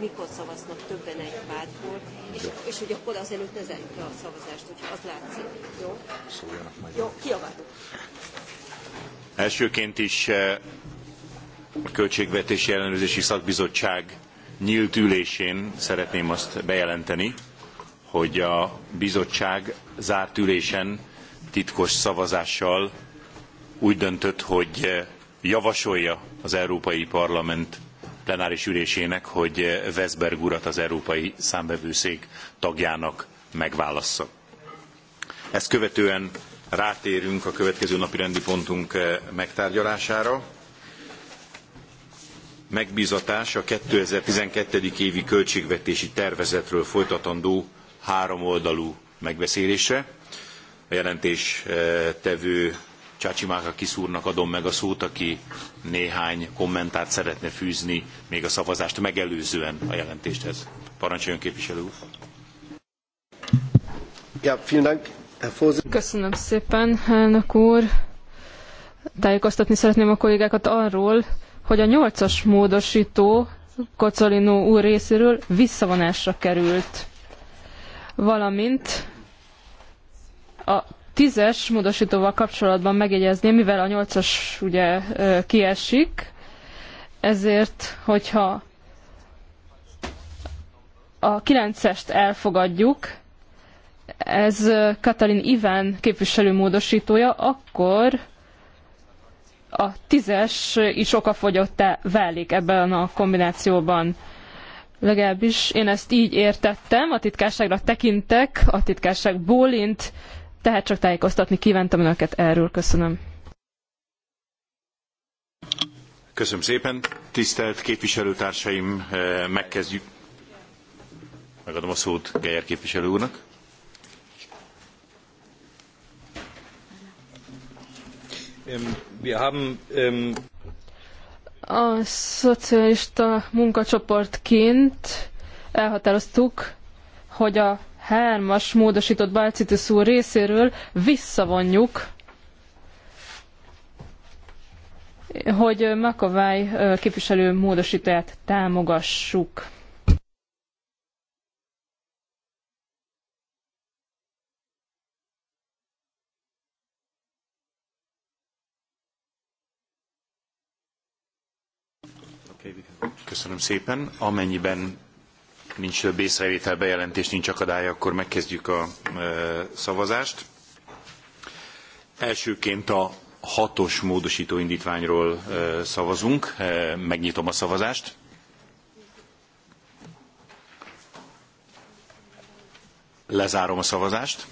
mikor szavaznak többen egy pártból, és, és hogy akkor azelőtt ne zárjuk le a szavazást, hogyha az látszik. Jó? Jó, kiabálok. Elsőként is eh, a Költségvetési Ellenőrzési Szakbizottság nyílt ülésén szeretném azt bejelenteni, hogy a bizottság zárt ülésen titkos szavazással úgy döntött, hogy eh, javasolja az Európai Parlament plenáris ülésének, hogy Veszberg urat az Európai Számbevőszék tagjának megválassza. Ezt követően rátérünk a következő napi rendi pontunk eh, megtárgyalására. Megbízatás a 2012. évi költségvetési tervezetről folytatandó háromoldalú megbeszélésre. A jelentés eh, tevő Csácsimáka kiszúrnak adom meg a szót, aki néhány kommentárt szeretne fűzni még a szavazást megelőzően a jelentéshez. Parancsoljon képviselő úr! Köszönöm szépen, elnök úr! Tájékoztatni szeretném a kollégákat arról, hogy a nyolcas módosító Kocolino úr részéről visszavonásra került, valamint a tízes módosítóval kapcsolatban megjegyezném, mivel a nyolcas ugye kiesik, ezért, hogyha a kilencest elfogadjuk, ez Katalin Iván képviselő módosítója, akkor a tízes is okafogyottá válik ebben a kombinációban. Legalábbis én ezt így értettem, a titkárságra tekintek, a titkárság bólint, tehát csak tájékoztatni kívántam önöket erről. Köszönöm. Köszönöm szépen. Tisztelt képviselőtársaim, eh, megkezdjük. Megadom a szót Geyer képviselő úrnak. Ähm, ähm, a szocialista munkacsoportként elhatároztuk, hogy a hármas módosított Balcitis úr részéről visszavonjuk, hogy Makovály képviselő módosítóját támogassuk. Köszönöm szépen. Amennyiben nincs több észrevétel, bejelentés, nincs akadálya, akkor megkezdjük a e, szavazást. Elsőként a hatos módosító indítványról e, szavazunk. E, megnyitom a szavazást. Lezárom a szavazást.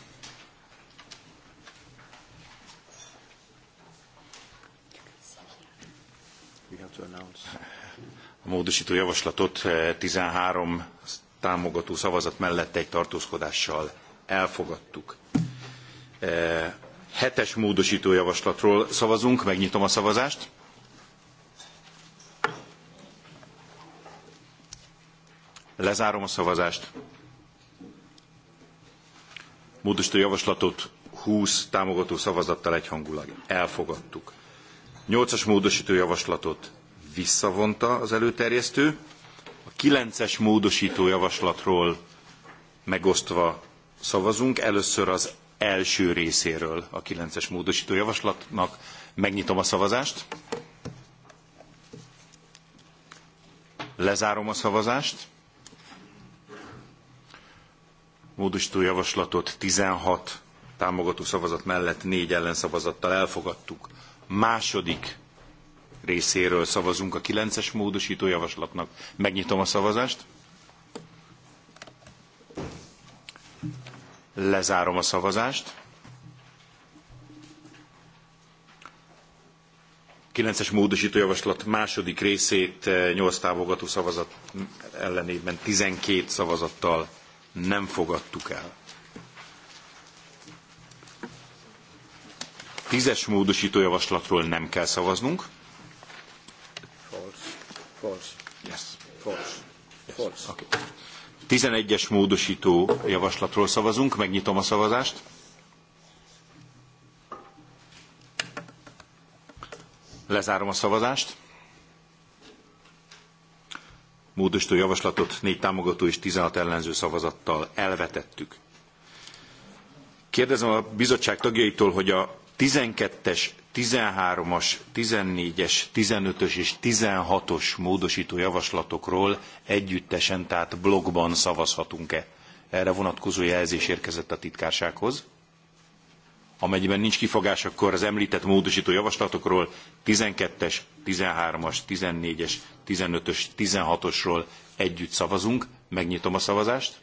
A módosító javaslatot 13 támogató szavazat mellett egy tartózkodással elfogadtuk. E, hetes módosító javaslatról szavazunk, megnyitom a szavazást. Lezárom a szavazást. Módosító javaslatot 20 támogató szavazattal egyhangulag elfogadtuk. Nyolcas módosító javaslatot visszavonta az előterjesztő a kilences es módosító javaslatról megosztva szavazunk. Először az első részéről a kilences es módosító javaslatnak. Megnyitom a szavazást. Lezárom a szavazást. Módosító javaslatot 16 támogató szavazat mellett 4 ellenszavazattal elfogadtuk. Második részéről szavazunk a 9-es módosító javaslatnak. Megnyitom a szavazást. Lezárom a szavazást. 9-es módosító javaslat második részét 8 eh, távogató szavazat ellenében 12 szavazattal nem fogadtuk el. Tízes módosító javaslatról nem kell szavaznunk. False. Yes. False. False. Okay. 11-es módosító javaslatról szavazunk, megnyitom a szavazást. Lezárom a szavazást. Módosító javaslatot 4 támogató és 16 ellenző szavazattal elvetettük. Kérdezem a bizottság tagjaitól, hogy a 12-es, 13-as, 14-es, 15-ös és 16-os módosító javaslatokról együttesen, tehát blogban szavazhatunk-e? Erre vonatkozó jelzés érkezett a titkársághoz. Amennyiben nincs kifogás, akkor az említett módosító javaslatokról 12-es, 13-as, 14-es, 15-ös, 16-osról együtt szavazunk. Megnyitom a szavazást.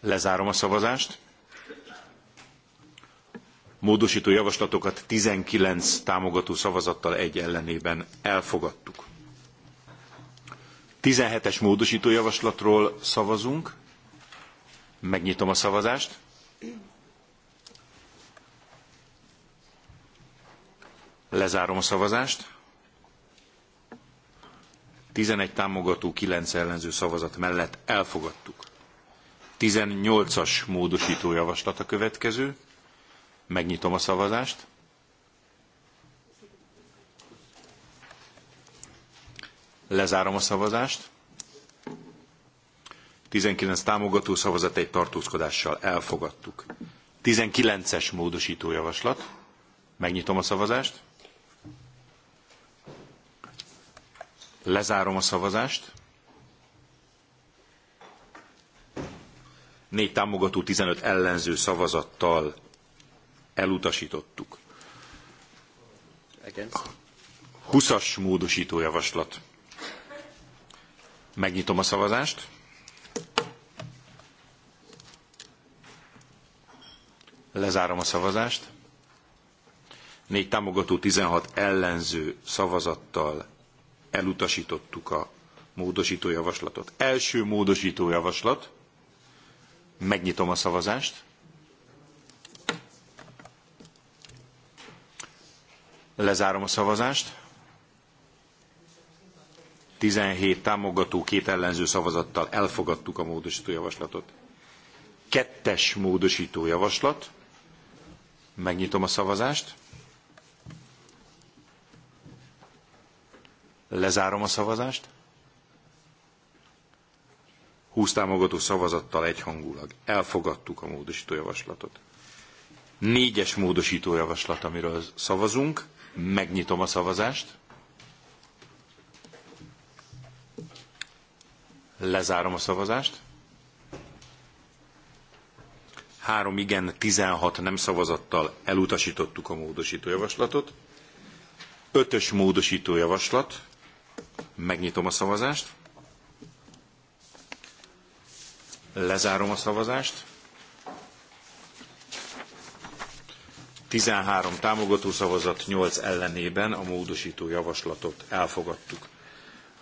Lezárom a szavazást módosító javaslatokat 19 támogató szavazattal egy ellenében elfogadtuk. 17-es módosító javaslatról szavazunk. Megnyitom a szavazást. Lezárom a szavazást. 11 támogató, 9 ellenző szavazat mellett elfogadtuk. 18-as módosító javaslat a következő. Megnyitom a szavazást. Lezárom a szavazást. 19 támogató szavazat egy tartózkodással elfogadtuk. 19-es módosító javaslat. Megnyitom a szavazást. Lezárom a szavazást. Négy támogató 15 ellenző szavazattal elutasítottuk. 20-as javaslat. Megnyitom a szavazást. Lezárom a szavazást. Négy támogató, 16 ellenző szavazattal elutasítottuk a javaslatot. Első javaslat. Megnyitom a szavazást. Lezárom a szavazást. 17 támogató, két ellenző szavazattal elfogadtuk a módosító javaslatot. Kettes módosító javaslat. Megnyitom a szavazást. Lezárom a szavazást. 20 támogató szavazattal egyhangulag elfogadtuk a módosító javaslatot. Négyes módosító javaslat, amiről szavazunk. Megnyitom a szavazást. Lezárom a szavazást. Három igen, 16 nem szavazattal elutasítottuk a módosító javaslatot. Ötös módosító javaslat. Megnyitom a szavazást. Lezárom a szavazást. 13 támogató szavazat, 8 ellenében a módosító javaslatot elfogadtuk.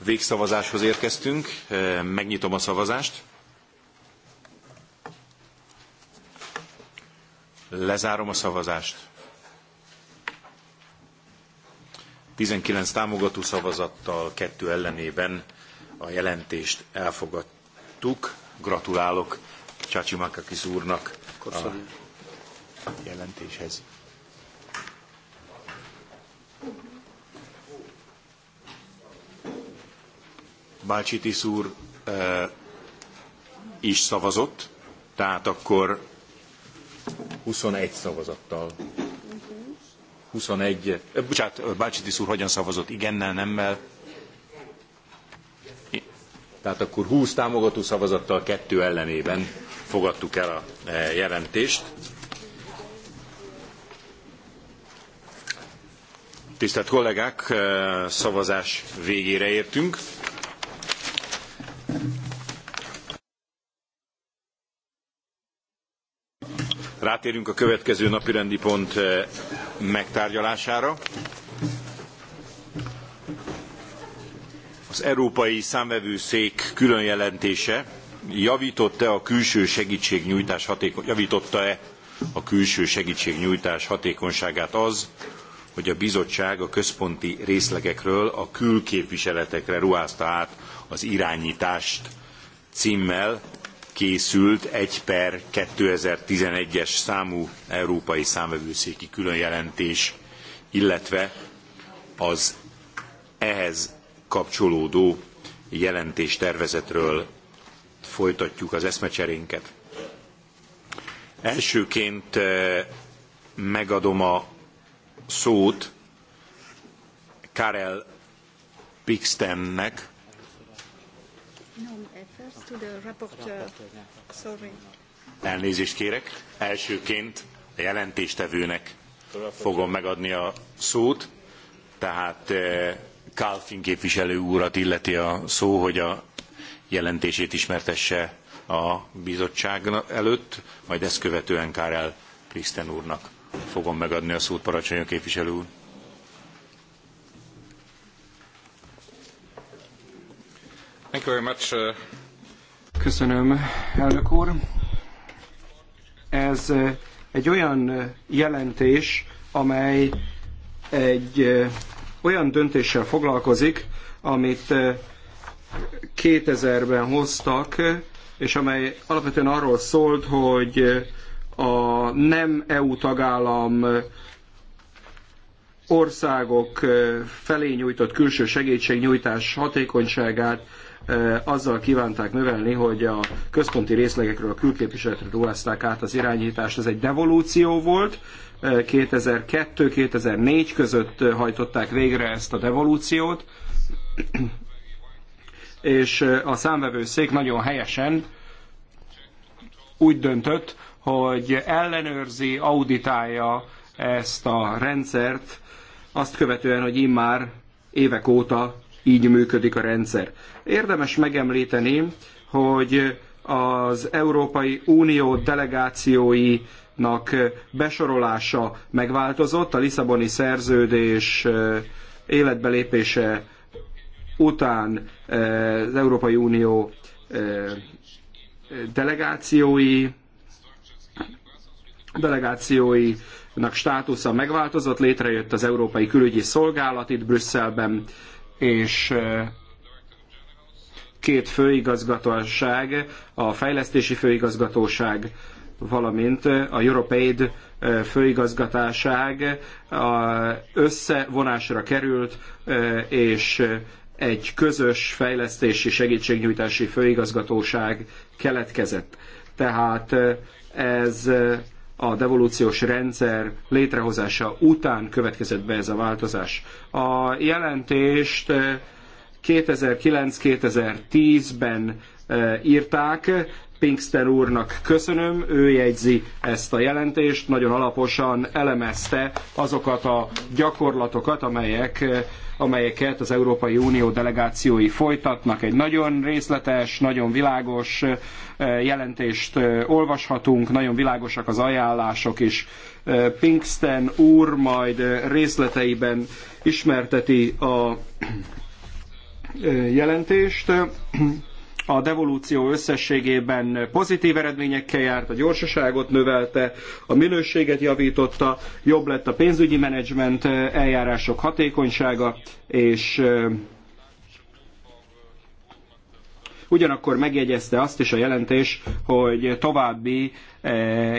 A végszavazáshoz érkeztünk, e, megnyitom a szavazást. Lezárom a szavazást. 19 támogató szavazattal, 2 ellenében a jelentést elfogadtuk. Gratulálok Csácsi Makakis úrnak a jelentéshez. Bácsitis úr is szavazott, tehát akkor 21 szavazattal. 21, bocsánat, Bácsitis úr hogyan szavazott? Igennel, nemmel? Tehát akkor 20 támogató szavazattal, kettő ellenében fogadtuk el a jelentést. Tisztelt kollégák, szavazás végére értünk. Rátérünk a következő napirendi pont eh, megtárgyalására. Az Európai Számvevőszék jelentése javította a külső segítségnyújtás hatékony, javította-e a külső segítségnyújtás hatékonyságát az, hogy a bizottság a központi részlegekről a külképviseletekre ruházta át az irányítást címmel készült egy per 2011-es számú európai számvevőszéki különjelentés, illetve az ehhez kapcsolódó jelentéstervezetről folytatjuk az eszmecserénket. Elsőként eh, megadom a szót Karel Pixtennek, Elnézést kérek. Elsőként a jelentéstevőnek fogom megadni a szót. Tehát eh, Kálfin képviselő úrat illeti a szó, hogy a jelentését ismertesse a bizottság előtt, majd ezt követően Kárel Kriszten úrnak fogom megadni a szót, parancsoljon képviselő úr. Thank you very much, uh... Köszönöm, elnök úr. Ez eh, egy olyan eh, jelentés, amely egy eh, olyan döntéssel foglalkozik, amit 2000-ben hoztak, és amely alapvetően arról szólt, hogy a nem EU tagállam országok felé nyújtott külső segítségnyújtás hatékonyságát azzal kívánták növelni, hogy a központi részlegekről a külképviseletre ruházták át az irányítást. Ez egy devolúció volt, 2002-2004 között hajtották végre ezt a devolúciót, és a számvevőszék nagyon helyesen úgy döntött, hogy ellenőrzi, auditálja ezt a rendszert, azt követően, hogy immár évek óta így működik a rendszer. Érdemes megemlíteni, hogy az Európai Unió delegációinak besorolása megváltozott a Lisszaboni szerződés életbelépése után az Európai Unió delegációi delegációinak státusza megváltozott, létrejött az Európai Külügyi Szolgálat itt Brüsszelben, és két főigazgatóság, a fejlesztési főigazgatóság, valamint a Europaid főigazgatáság összevonásra került, és egy közös fejlesztési segítségnyújtási főigazgatóság keletkezett. Tehát ez a devolúciós rendszer létrehozása után következett be ez a változás. A jelentést 2009-2010-ben eh, eh, írták, Pinkster úrnak köszönöm, ő jegyzi ezt a jelentést, nagyon alaposan elemezte azokat a gyakorlatokat, amelyek, amelyeket az Európai Unió delegációi folytatnak. Egy nagyon részletes, nagyon világos eh, jelentést eh, olvashatunk, nagyon világosak az ajánlások is. Eh, Pinkston úr majd részleteiben ismerteti a jelentést a devolúció összességében pozitív eredményekkel járt, a gyorsaságot növelte, a minőséget javította, jobb lett a pénzügyi menedzsment eljárások hatékonysága, és eh, Ugyanakkor megjegyezte azt is a jelentés, hogy további E,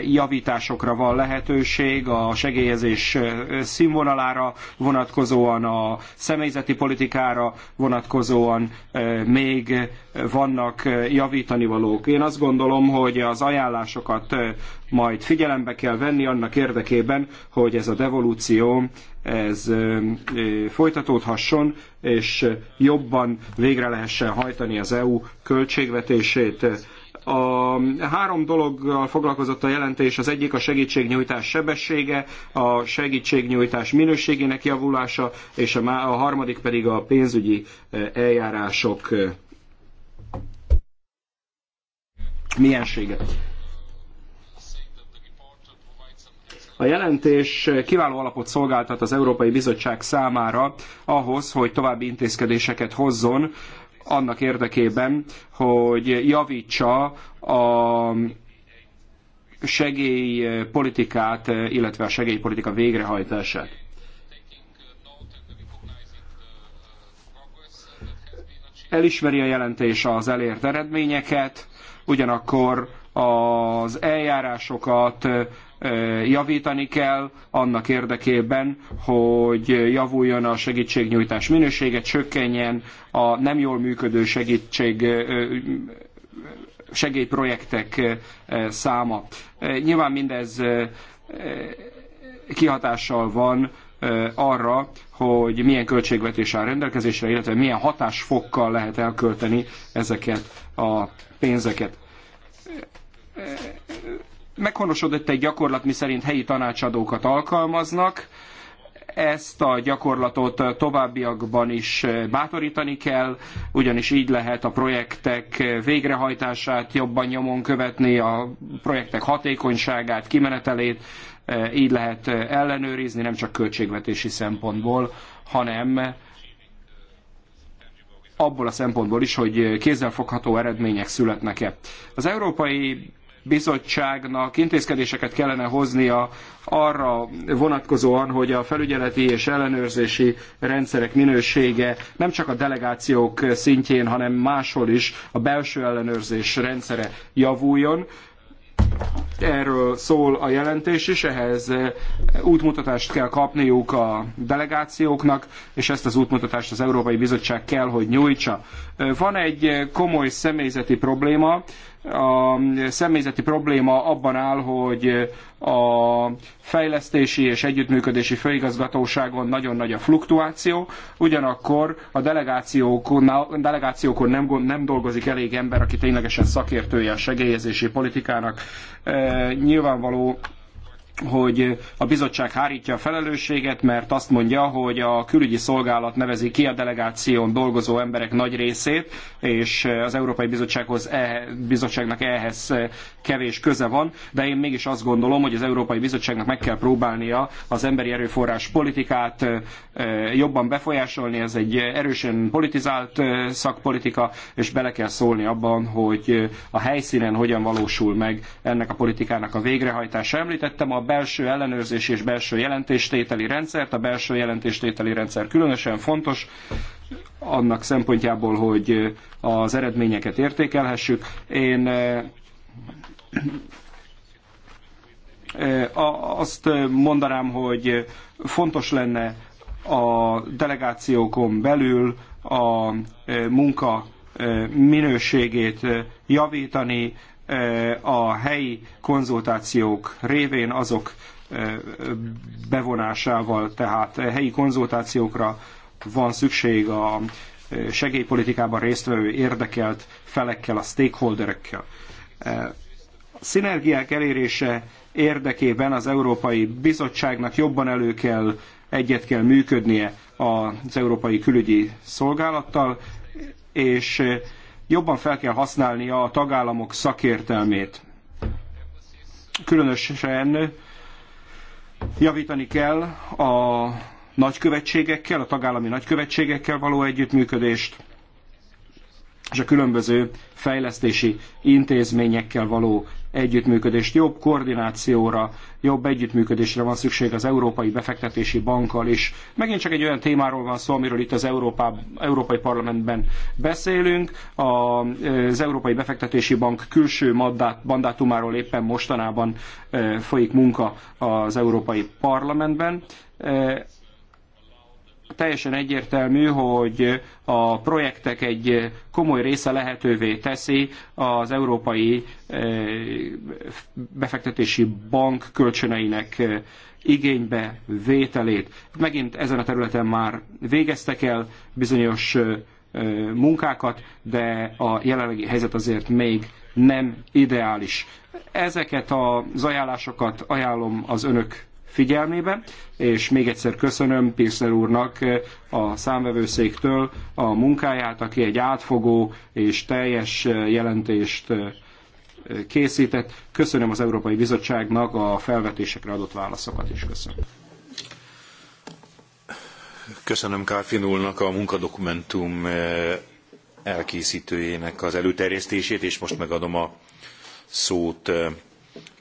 javításokra van lehetőség, a segélyezés e, színvonalára vonatkozóan, a személyzeti politikára vonatkozóan e, még vannak javítani valók. Én azt gondolom, hogy az ajánlásokat majd figyelembe kell venni annak érdekében, hogy ez a devolúció ez folytatódhasson, és jobban végre lehessen hajtani az EU költségvetését a három dologgal foglalkozott a jelentés, az egyik a segítségnyújtás sebessége, a segítségnyújtás minőségének javulása, és a harmadik pedig a pénzügyi e, eljárások e, miensége. A jelentés kiváló alapot szolgáltat az Európai Bizottság számára ahhoz, hogy további intézkedéseket hozzon annak érdekében, hogy javítsa a segélypolitikát, illetve a segélypolitika végrehajtását. Elismeri a jelentés az elért eredményeket, ugyanakkor az eljárásokat, javítani kell annak érdekében, hogy javuljon a segítségnyújtás minősége, csökkenjen a nem jól működő segítség segélyprojektek száma. Nyilván mindez kihatással van arra, hogy milyen költségvetés áll rendelkezésre, illetve milyen hatásfokkal lehet elkölteni ezeket a pénzeket meghonosodott egy gyakorlat, miszerint helyi tanácsadókat alkalmaznak, ezt a gyakorlatot továbbiakban is bátorítani kell, ugyanis így lehet a projektek végrehajtását jobban nyomon követni, a projektek hatékonyságát, kimenetelét, így lehet ellenőrizni, nem csak költségvetési szempontból, hanem abból a szempontból is, hogy kézzelfogható eredmények születnek-e. Az Európai bizottságnak intézkedéseket kellene hoznia arra vonatkozóan, hogy a felügyeleti és ellenőrzési rendszerek minősége nem csak a delegációk szintjén, hanem máshol is a belső ellenőrzés rendszere javuljon. Erről szól a jelentés is, ehhez útmutatást kell kapniuk a delegációknak, és ezt az útmutatást az Európai Bizottság kell, hogy nyújtsa. Van egy komoly személyzeti probléma, a személyzeti probléma abban áll, hogy a fejlesztési és együttműködési főigazgatóságon nagyon nagy a fluktuáció, ugyanakkor a delegációkon, delegációkon nem, nem dolgozik elég ember, aki ténylegesen szakértője a segélyezési politikának. E, nyilvánvaló hogy a bizottság hárítja a felelősséget, mert azt mondja, hogy a külügyi szolgálat nevezi ki a delegáción dolgozó emberek nagy részét, és az Európai Bizottsághoz, e, Bizottságnak ehhez kevés köze van, de én mégis azt gondolom, hogy az Európai Bizottságnak meg kell próbálnia az emberi erőforrás politikát e, jobban befolyásolni, ez egy erősen politizált e, szakpolitika, és bele kell szólni abban, hogy a helyszínen hogyan valósul meg ennek a politikának a végrehajtása. Említettem a belső ellenőrzési és belső jelentéstételi rendszert. A belső jelentéstételi rendszer különösen fontos annak szempontjából, hogy az eredményeket értékelhessük. Én azt mondanám, hogy fontos lenne a delegációkon belül a munka minőségét javítani, Eh, a helyi konzultációk révén azok eh, bevonásával, tehát helyi konzultációkra van szükség a eh, segélypolitikában résztvevő érdekelt felekkel, a stakeholderekkel. Szinergiák elérése érdekében az Európai Bizottságnak jobban elő kell, egyet kell működnie az Európai Külügyi Szolgálattal, és jobban fel kell használnia a tagállamok szakértelmét. Különösen javítani kell a nagykövetségekkel, a tagállami nagykövetségekkel való együttműködést, és a különböző fejlesztési intézményekkel való együttműködést, jobb koordinációra, jobb együttműködésre van szükség az Európai Befektetési Bankkal is. Megint csak egy olyan témáról van szó, amiről itt az Európa, Európai Parlamentben beszélünk. A, az Európai Befektetési Bank külső mandát, mandátumáról éppen mostanában folyik munka az Európai Parlamentben teljesen egyértelmű, hogy a projektek egy komoly része lehetővé teszi az Európai eh, Befektetési Bank kölcsöneinek eh, igénybe vételét. Megint ezen a területen már végeztek el bizonyos eh, munkákat, de a jelenlegi helyzet azért még nem ideális. Ezeket az ajánlásokat ajánlom az önök figyelmébe, és még egyszer köszönöm Pirsner úrnak eh, a számvevőszéktől a munkáját, aki egy átfogó és teljes eh, jelentést eh, készített. Köszönöm az Európai Bizottságnak a felvetésekre adott válaszokat is. Köszönöm. Köszönöm Kárfin úrnak a munkadokumentum elkészítőjének az előterjesztését, és most megadom a szót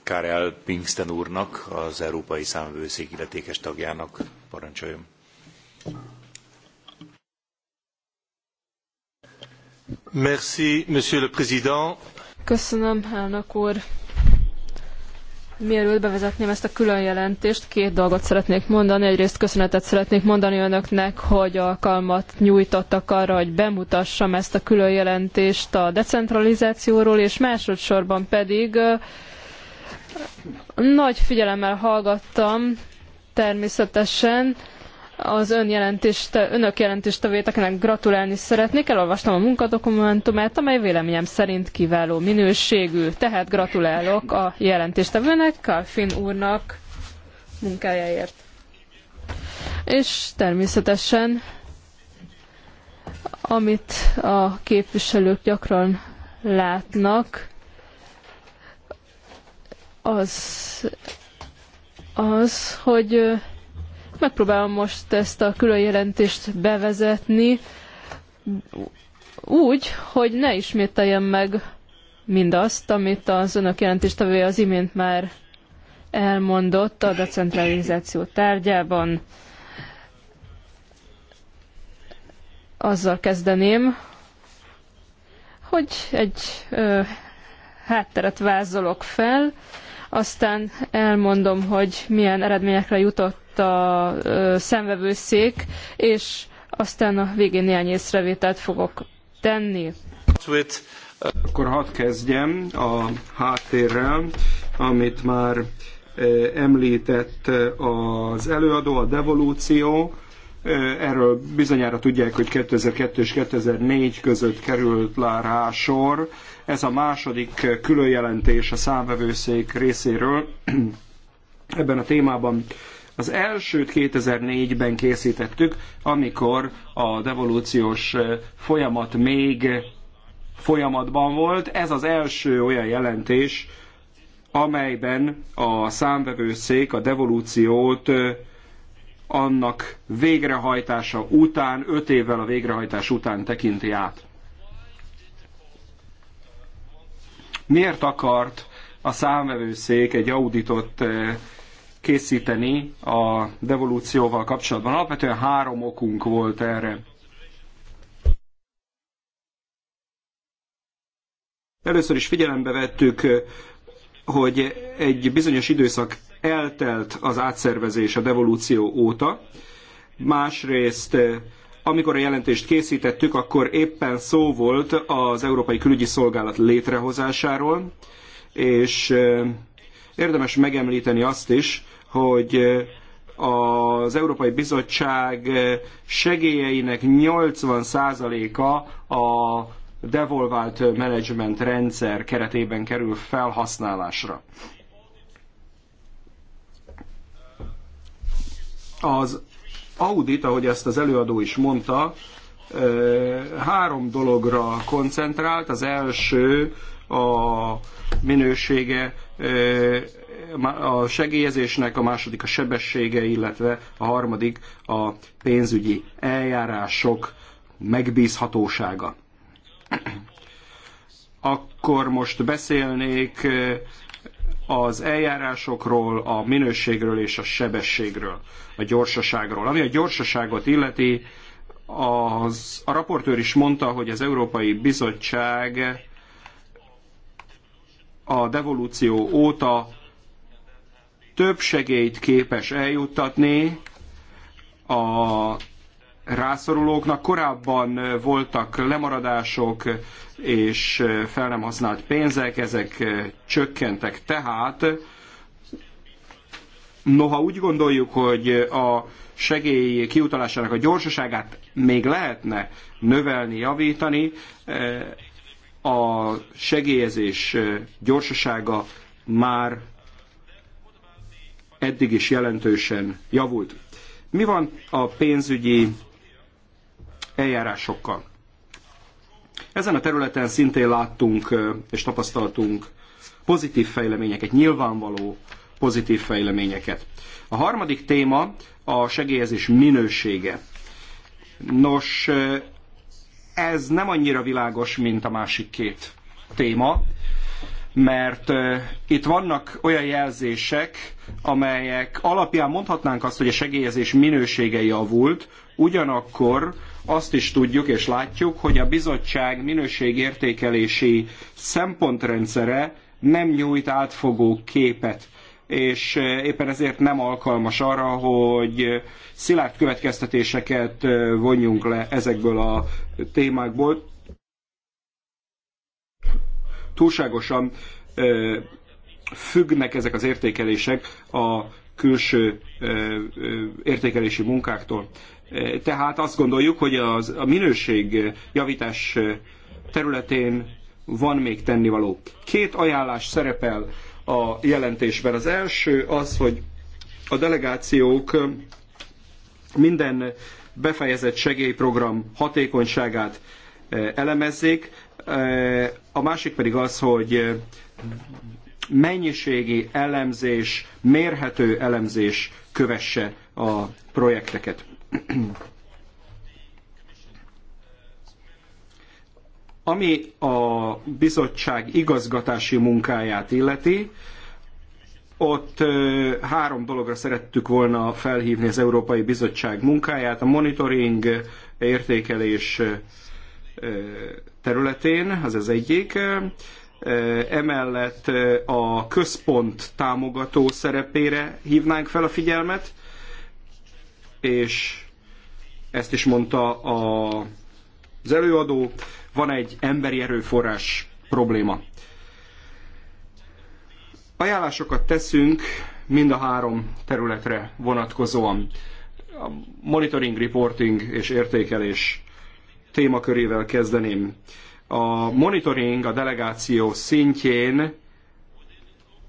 Karel Pinkston úrnak, az Európai Számvőszék illetékes tagjának. Parancsoljon! Merci, Monsieur le Président. Köszönöm, elnök úr. Mielőtt bevezetném ezt a külön jelentést, két dolgot szeretnék mondani. Egyrészt köszönetet szeretnék mondani önöknek, hogy alkalmat nyújtottak arra, hogy bemutassam ezt a külön jelentést a decentralizációról, és másodszorban pedig uh, nagy figyelemmel hallgattam természetesen az önjelentést, önök jelentéstevéteknek gratulálni szeretnék. Elolvastam a munkadokumentumát, amely véleményem szerint kiváló minőségű. Tehát gratulálok a jelentéstevőnek, Kalfin úrnak munkájáért. És természetesen, amit a képviselők gyakran látnak, az, az, hogy megpróbálom most ezt a külön jelentést bevezetni úgy, hogy ne ismételjem meg mindazt, amit az önök jelentéstevője az imént már elmondott a decentralizáció tárgyában. Azzal kezdeném, hogy egy ö, hátteret vázolok fel, aztán elmondom, hogy milyen eredményekre jutott a szemvevőszék, és aztán a végén néhány észrevételt fogok tenni. Uh, Akkor hadd kezdjem a háttérrel, amit már említett az előadó, a devolúció, Erről bizonyára tudják, hogy 2002 és 2004 között került rá sor. Ez a második különjelentés a számvevőszék részéről ebben a témában. Az elsőt 2004-ben készítettük, amikor a devolúciós folyamat még folyamatban volt. Ez az első olyan jelentés, amelyben a számvevőszék a devolúciót annak végrehajtása után, öt évvel a végrehajtás után tekinti át. Miért akart a számvevőszék egy auditot eh, készíteni a devolúcióval kapcsolatban? Alapvetően három okunk volt erre. Először is figyelembe vettük, eh, hogy egy bizonyos időszak eltelt az átszervezés a devolúció óta, másrészt eh, amikor a jelentést készítettük, akkor éppen szó volt az Európai Külügyi Szolgálat létrehozásáról, és eh, érdemes megemlíteni azt is, hogy eh, az Európai Bizottság segélyeinek 80%-a a devolvált menedzsment rendszer keretében kerül felhasználásra. Az audit, ahogy ezt az előadó is mondta, három dologra koncentrált. Az első a minősége a segélyezésnek, a második a sebessége, illetve a harmadik a pénzügyi eljárások megbízhatósága. Akkor most beszélnék az eljárásokról, a minőségről és a sebességről, a gyorsaságról. Ami a gyorsaságot illeti, az, a raportőr is mondta, hogy az Európai Bizottság a devolúció óta több segélyt képes eljuttatni a rászorulóknak. Korábban voltak lemaradások és fel nem használt pénzek, ezek csökkentek. Tehát noha úgy gondoljuk, hogy a segély kiutalásának a gyorsaságát még lehetne növelni, javítani, a segélyezés gyorsasága már eddig is jelentősen javult. Mi van a pénzügyi eljárásokkal. Ezen a területen szintén láttunk és tapasztaltunk pozitív fejleményeket, nyilvánvaló pozitív fejleményeket. A harmadik téma a segélyezés minősége. Nos, ez nem annyira világos, mint a másik két téma, mert itt vannak olyan jelzések, amelyek alapján mondhatnánk azt, hogy a segélyezés minősége javult, ugyanakkor azt is tudjuk és látjuk, hogy a bizottság minőségértékelési szempontrendszere nem nyújt átfogó képet és eh, éppen ezért nem alkalmas arra, hogy szilárd következtetéseket eh, vonjunk le ezekből a témákból. Túlságosan eh, függnek ezek az értékelések a külső értékelési munkáktól. Tehát azt gondoljuk, hogy az, a minőség javítás területén van még tennivaló. Két ajánlás szerepel a jelentésben. Az első az, hogy a delegációk minden befejezett segélyprogram hatékonyságát e, elemezzék, e, a másik pedig az, hogy mennyiségi elemzés, mérhető elemzés kövesse a projekteket. Ami a bizottság igazgatási munkáját illeti, ott három dologra szerettük volna felhívni az Európai Bizottság munkáját, a monitoring, értékelés területén, az az egyik. Emellett a központ támogató szerepére hívnánk fel a figyelmet, és ezt is mondta a, az előadó, van egy emberi erőforrás probléma. Ajánlásokat teszünk mind a három területre vonatkozóan. A monitoring, reporting és értékelés témakörével kezdeném. A monitoring a delegáció szintjén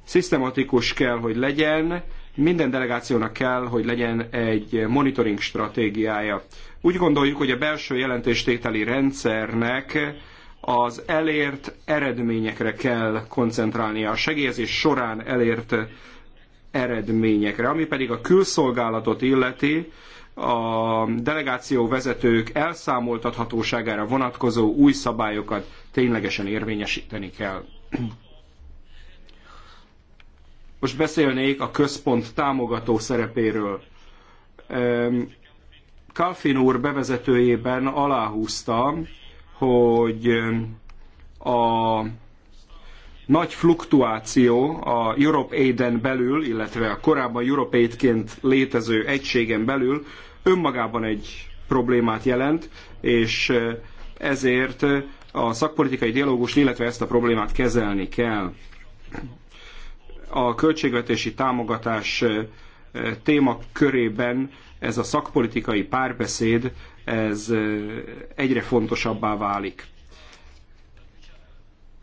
szisztematikus kell, hogy legyen, minden delegációnak kell, hogy legyen egy monitoring stratégiája. Úgy gondoljuk, hogy a belső jelentéstételi rendszernek az elért eredményekre kell koncentrálnia, a segélyezés során elért eredményekre. Ami pedig a külszolgálatot illeti, a delegáció vezetők elszámoltathatóságára vonatkozó új szabályokat ténylegesen érvényesíteni kell. Most beszélnék a központ támogató szerepéről. Kalfin úr bevezetőjében aláhúzta, hogy a nagy fluktuáció a Europe Aid-en belül, illetve a korábban Europe Aid-ként létező egységen belül önmagában egy problémát jelent, és eh, ezért a szakpolitikai dialógust, illetve ezt a problémát kezelni kell a költségvetési támogatás témakörében ez a szakpolitikai párbeszéd ez egyre fontosabbá válik.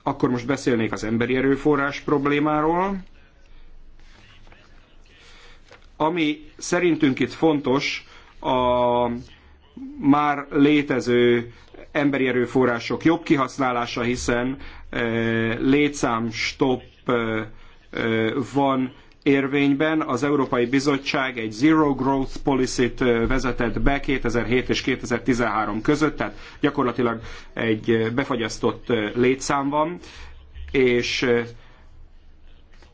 Akkor most beszélnék az emberi erőforrás problémáról. Ami szerintünk itt fontos, a már létező emberi erőforrások jobb kihasználása, hiszen létszám stop van érvényben. Az Európai Bizottság egy Zero Growth Policy-t vezetett be 2007 és 2013 között, tehát gyakorlatilag egy befagyasztott létszám van, és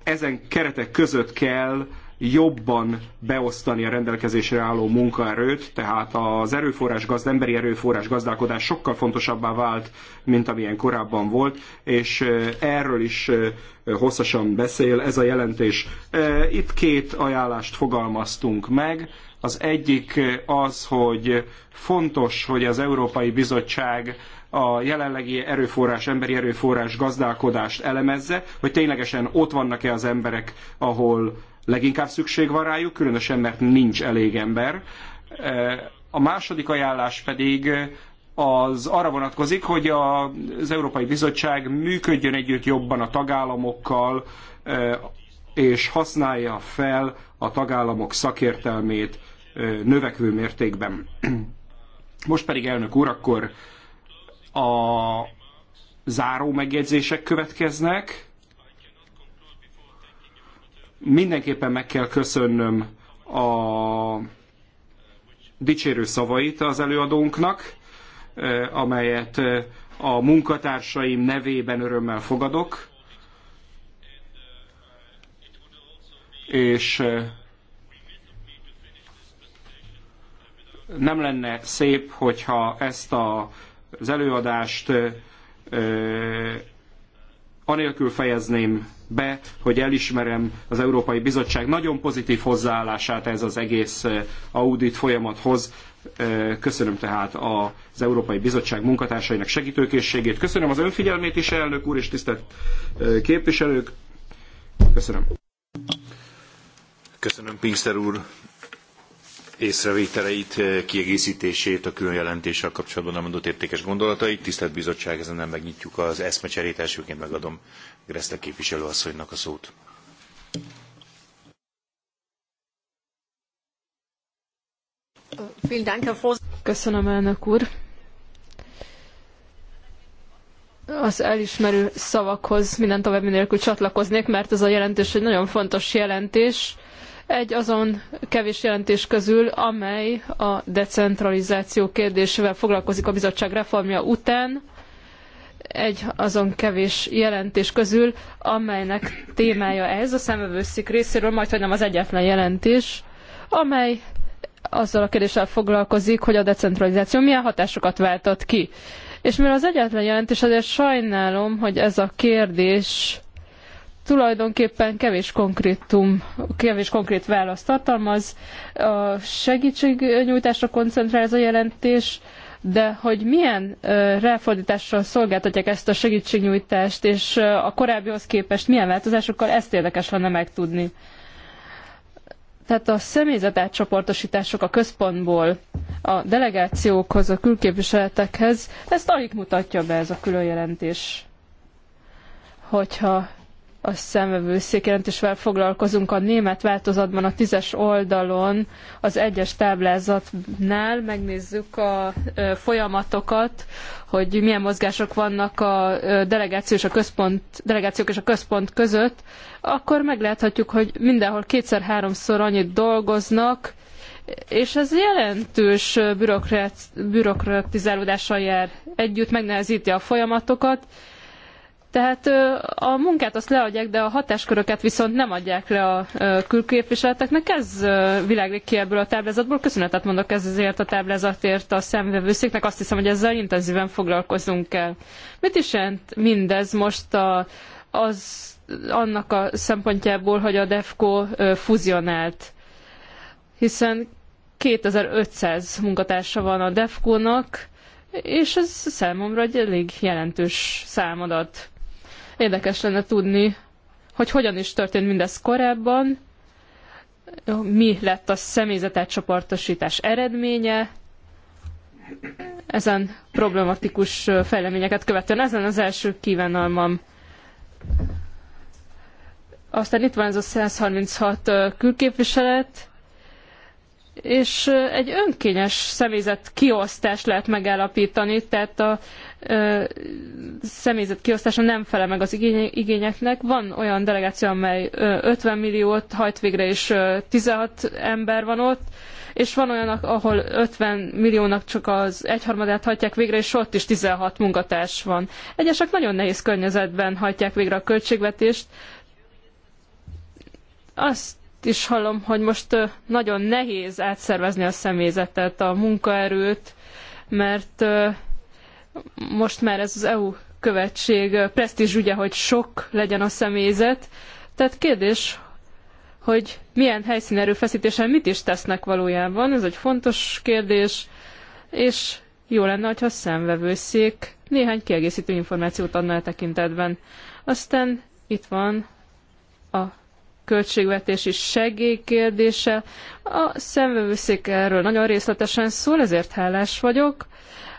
ezen keretek között kell jobban beosztani a rendelkezésre álló munkaerőt, tehát az erőforrás gazd, emberi erőforrás gazdálkodás sokkal fontosabbá vált, mint amilyen korábban volt, és erről is hosszasan beszél ez a jelentés. Itt két ajánlást fogalmaztunk meg. Az egyik az, hogy fontos, hogy az Európai Bizottság a jelenlegi erőforrás, emberi erőforrás gazdálkodást elemezze, hogy ténylegesen ott vannak-e az emberek, ahol leginkább szükség van rájuk, különösen mert nincs elég ember. E, a második ajánlás pedig az arra vonatkozik, hogy az Európai Bizottság működjön együtt jobban a tagállamokkal, e, és használja fel a tagállamok szakértelmét e, növekvő mértékben. Most pedig, elnök úr, akkor a záró megjegyzések következnek mindenképpen meg kell köszönnöm a dicsérő szavait az előadónknak, amelyet a munkatársaim nevében örömmel fogadok, és nem lenne szép, hogyha ezt a, az előadást anélkül fejezném be, hogy elismerem az Európai Bizottság nagyon pozitív hozzáállását ez az egész audit folyamathoz. Köszönöm tehát az Európai Bizottság munkatársainak segítőkészségét. Köszönöm az önfigyelmét is, elnök úr és tisztelt képviselők. Köszönöm. Köszönöm, Pinkster úr észrevételeit, eh, kiegészítését, a külön jelentéssel kapcsolatban elmondott értékes gondolatait. Tisztelt Bizottság, ezen nem megnyitjuk az eszmecserét, elsőként megadom képviselő képviselőasszonynak a szót. Köszönöm, elnök úr. Az elismerő szavakhoz minden további nélkül csatlakoznék, mert ez a jelentés egy nagyon fontos jelentés egy azon kevés jelentés közül, amely a decentralizáció kérdésével foglalkozik a bizottság reformja után, egy azon kevés jelentés közül, amelynek témája ez a számövőszik részéről, majd hogy nem az egyetlen jelentés, amely azzal a kérdéssel foglalkozik, hogy a decentralizáció milyen hatásokat váltott ki. És mivel az egyetlen jelentés, azért sajnálom, hogy ez a kérdés tulajdonképpen kevés, konkrétum, kevés konkrét választ tartalmaz. A segítségnyújtásra koncentrál ez a jelentés, de hogy milyen ráfordítással szolgáltatják ezt a segítségnyújtást, és a korábbihoz képest milyen változásokkal, ezt érdekes lenne megtudni. Tehát a személyzet átcsoportosítások a központból a delegációkhoz, a külképviseletekhez, ezt alig mutatja be ez a külön jelentés. Hogyha a szemvevőszék jelentésével foglalkozunk a német változatban a tízes oldalon, az egyes táblázatnál megnézzük a folyamatokat, hogy milyen mozgások vannak a delegáció és a központ, delegációk és a központ között, akkor megláthatjuk, hogy mindenhol kétszer-háromszor annyit dolgoznak, és ez jelentős bürokrat, bürokratizálódással jár együtt, megnehezíti a folyamatokat, tehát a munkát azt leadják, de a hatásköröket viszont nem adják le a külképviseleteknek. Ez világlik ki ebből a táblázatból. Köszönetet mondok ezért a táblázatért a szemvevőszéknek. Azt hiszem, hogy ezzel intenzíven foglalkozunk kell. Mit is jelent mindez most a, az, annak a szempontjából, hogy a DEFCO fuzionált? Hiszen 2500 munkatársa van a DEFCO-nak, és ez számomra egy elég jelentős számadat. Érdekes lenne tudni, hogy hogyan is történt mindez korábban, mi lett a személyzetet csoportosítás eredménye, ezen problematikus fejleményeket követően. Ezen az első kívánalmam. Aztán itt van ez a 136 külképviselet, és egy önkényes személyzet kiosztást lehet megállapítani, tehát a személyzet kiosztása nem felel meg az igényeknek. Van olyan delegáció, amely 50 milliót hajt végre, és 16 ember van ott, és van olyan, ahol 50 milliónak csak az egyharmadát hajtják végre, és ott is 16 munkatárs van. Egyesek nagyon nehéz környezetben hajtják végre a költségvetést. Azt is hallom, hogy most nagyon nehéz átszervezni a személyzetet, a munkaerőt, mert most már ez az EU követség presztízsügye, hogy sok legyen a személyzet. Tehát kérdés, hogy milyen helyszínerőfeszítésen mit is tesznek valójában, ez egy fontos kérdés, és jó lenne, hogyha a szemvevőszék néhány kiegészítő információt adna a tekintetben. Aztán itt van a költségvetési segély kérdése. A szemvevőszék erről nagyon részletesen szól, ezért hálás vagyok.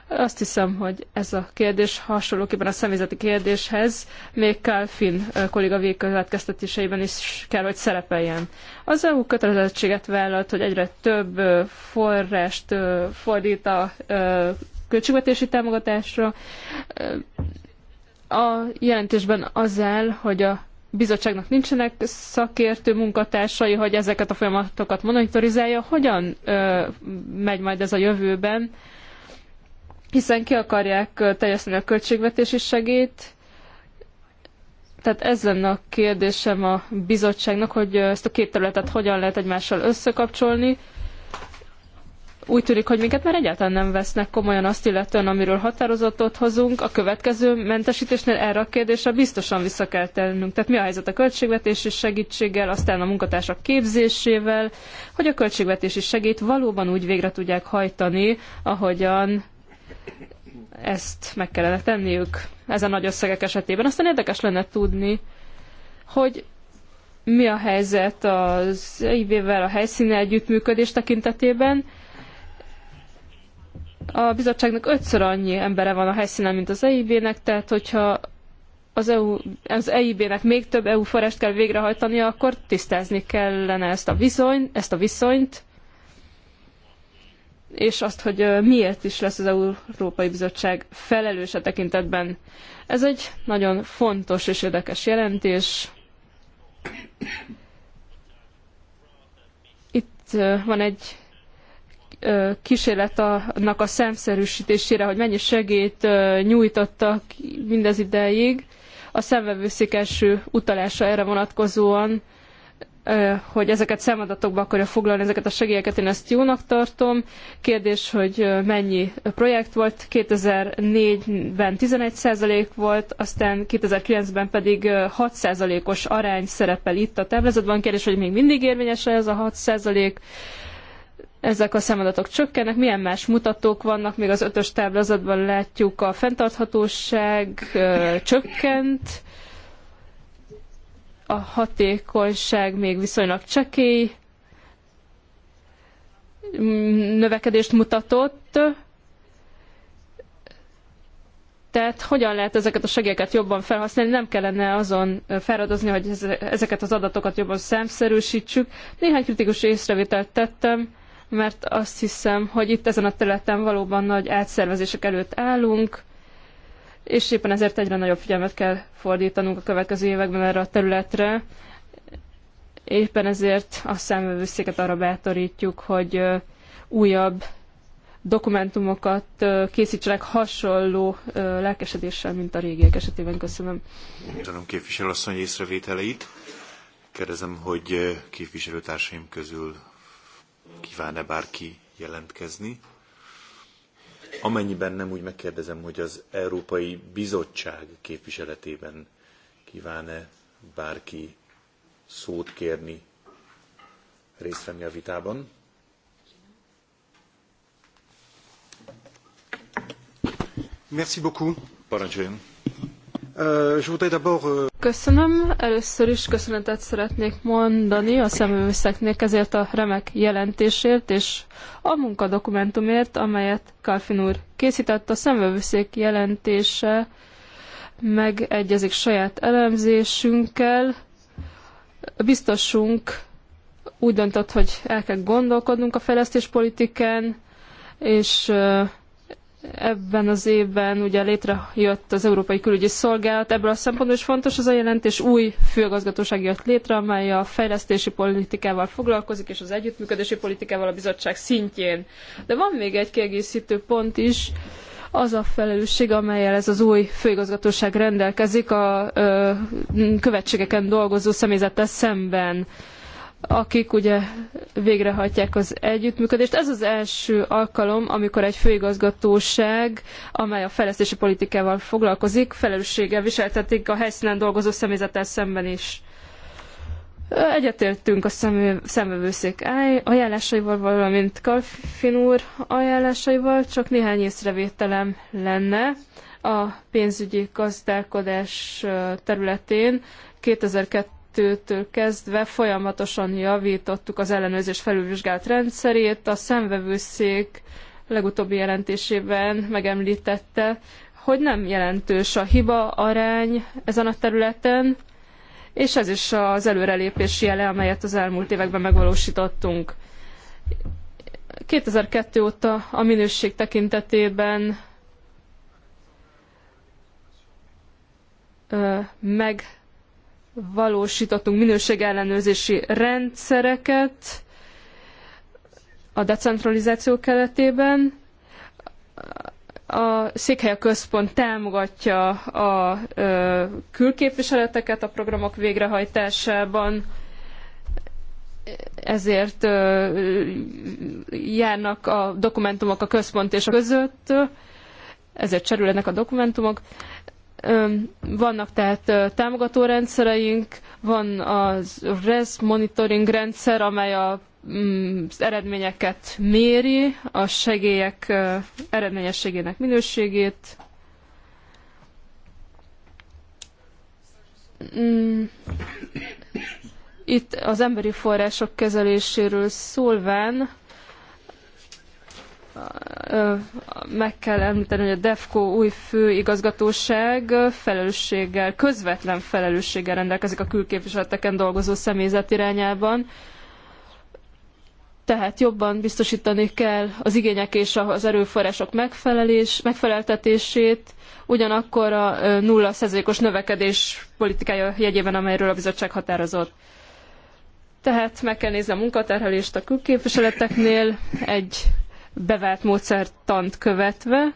Azt hiszem, hogy ez a kérdés hasonlóképpen a személyzeti kérdéshez még Kálfin kolléga végkövetkeztetéseiben is kell, hogy szerepeljen. Az EU kötelezettséget vállalt, hogy egyre több forrást fordít a költségvetési támogatásra. A jelentésben az áll, hogy a bizottságnak nincsenek szakértő munkatársai, hogy ezeket a folyamatokat monitorizálja. Hogyan megy majd ez a jövőben? hiszen ki akarják teljeszteni a költségvetési segélyt. Tehát ez lenne a kérdésem a bizottságnak, hogy ezt a két területet hogyan lehet egymással összekapcsolni. Úgy tűnik, hogy minket már egyáltalán nem vesznek komolyan azt illetően, amiről határozatot hozunk. A következő mentesítésnél erre a kérdésre biztosan vissza kell tennünk. Tehát mi a helyzet a költségvetési segítséggel, aztán a munkatársak képzésével, hogy a költségvetési segít valóban úgy végre tudják hajtani, ahogyan ezt meg kellene tenniük ezen nagy összegek esetében. Aztán érdekes lenne tudni, hogy mi a helyzet az iv vel a helyszíne együttműködés tekintetében. A bizottságnak ötször annyi embere van a helyszínen, mint az EIB-nek, tehát hogyha az, EU, az EIB-nek még több EU forrást kell végrehajtania, akkor tisztázni kellene ezt a, viszony, ezt a viszonyt, és azt, hogy miért is lesz az Európai Bizottság felelős a e tekintetben. Ez egy nagyon fontos és érdekes jelentés. Itt van egy kísérlet annak a szemszerűsítésére, hogy mennyi segét nyújtottak mindez ideig. A szemvevőszék első utalása erre vonatkozóan hogy ezeket számadatokba akarja foglalni, ezeket a segélyeket, én ezt jónak tartom. Kérdés, hogy mennyi projekt volt, 2004-ben 11% volt, aztán 2009-ben pedig 6%-os arány szerepel itt a táblázatban. Kérdés, hogy még mindig érvényes e ez a 6%, ezek a számadatok csökkennek, milyen más mutatók vannak, még az ötös táblázatban látjuk a fenntarthatóság csökkent, a hatékonyság még viszonylag csekély növekedést mutatott, tehát hogyan lehet ezeket a segélyeket jobban felhasználni, nem kellene azon feladozni, hogy ezeket az adatokat jobban szemszerűsítsük. Néhány kritikus észrevételt tettem, mert azt hiszem, hogy itt ezen a területen valóban nagy átszervezések előtt állunk, és éppen ezért egyre nagyobb figyelmet kell fordítanunk a következő években erre a területre. Éppen ezért a szemvevőszéket arra bátorítjuk, hogy újabb dokumentumokat készítsenek hasonló lelkesedéssel, mint a régiek esetében. Köszönöm. Köszönöm képviselőasszony észrevételeit. Kérdezem, hogy képviselőtársaim közül kíván-e bárki jelentkezni? Amennyiben nem úgy megkérdezem, hogy az Európai Bizottság képviseletében kíván-e bárki szót kérni, részt venni a vitában. Merci beaucoup. Parancsoljon. Euh, euh, Köszönöm. Először is köszönetet szeretnék mondani a szemőszeknek ezért a remek jelentésért és a munkadokumentumért, amelyet Kalfin úr készített. A szemövőszék jelentése megegyezik saját elemzésünkkel. Biztosunk úgy döntött, hogy el kell gondolkodnunk a fejlesztéspolitikán, és Ebben az évben ugye létrejött az Európai Külügyi Szolgálat, ebből a szempontból is fontos ez a jelentés. Új főgazgatóság jött létre, amely a fejlesztési politikával foglalkozik, és az együttműködési politikával a bizottság szintjén. De van még egy kiegészítő pont is, az a felelősség, amelyel ez az új főigazgatóság rendelkezik a ö, követségeken dolgozó személyzettel szemben akik ugye végrehajtják az együttműködést. Ez az első alkalom, amikor egy főigazgatóság, amely a fejlesztési politikával foglalkozik, felelősséggel viseltetik a helyszínen dolgozó személyzettel szemben is. Egyetértünk a szemövőszék ajánlásaival, valamint Kalfin úr ajánlásaival, csak néhány észrevételem lenne a pénzügyi gazdálkodás területén. 2002 2002-től kezdve folyamatosan javítottuk az ellenőrzés felülvizsgált rendszerét. A szemvevőszék legutóbbi jelentésében megemlítette, hogy nem jelentős a hiba arány ezen a területen, és ez is az előrelépés jele, amelyet az elmúlt években megvalósítottunk. 2002 óta a minőség tekintetében meg valósítottunk minőségellenőrzési rendszereket a decentralizáció keretében. A Székhely Központ támogatja a külképviseleteket a programok végrehajtásában, ezért járnak a dokumentumok a központ és a között, ezért cserülnek a dokumentumok. Vannak tehát támogató rendszereink, van a RES monitoring rendszer, amely a mm, az eredményeket méri, a segélyek eredményességének minőségét. Mm. Itt az emberi források kezeléséről szólván meg kell említeni, hogy a DEFCO új főigazgatóság felelősséggel, közvetlen felelősséggel rendelkezik a külképviseleteken dolgozó személyzet irányában. Tehát jobban biztosítani kell az igények és az erőforrások megfelelés, megfeleltetését, ugyanakkor a nulla os növekedés politikája jegyében, amelyről a bizottság határozott. Tehát meg kell nézni a munkaterhelést a külképviseleteknél, egy bevált módszertant követve,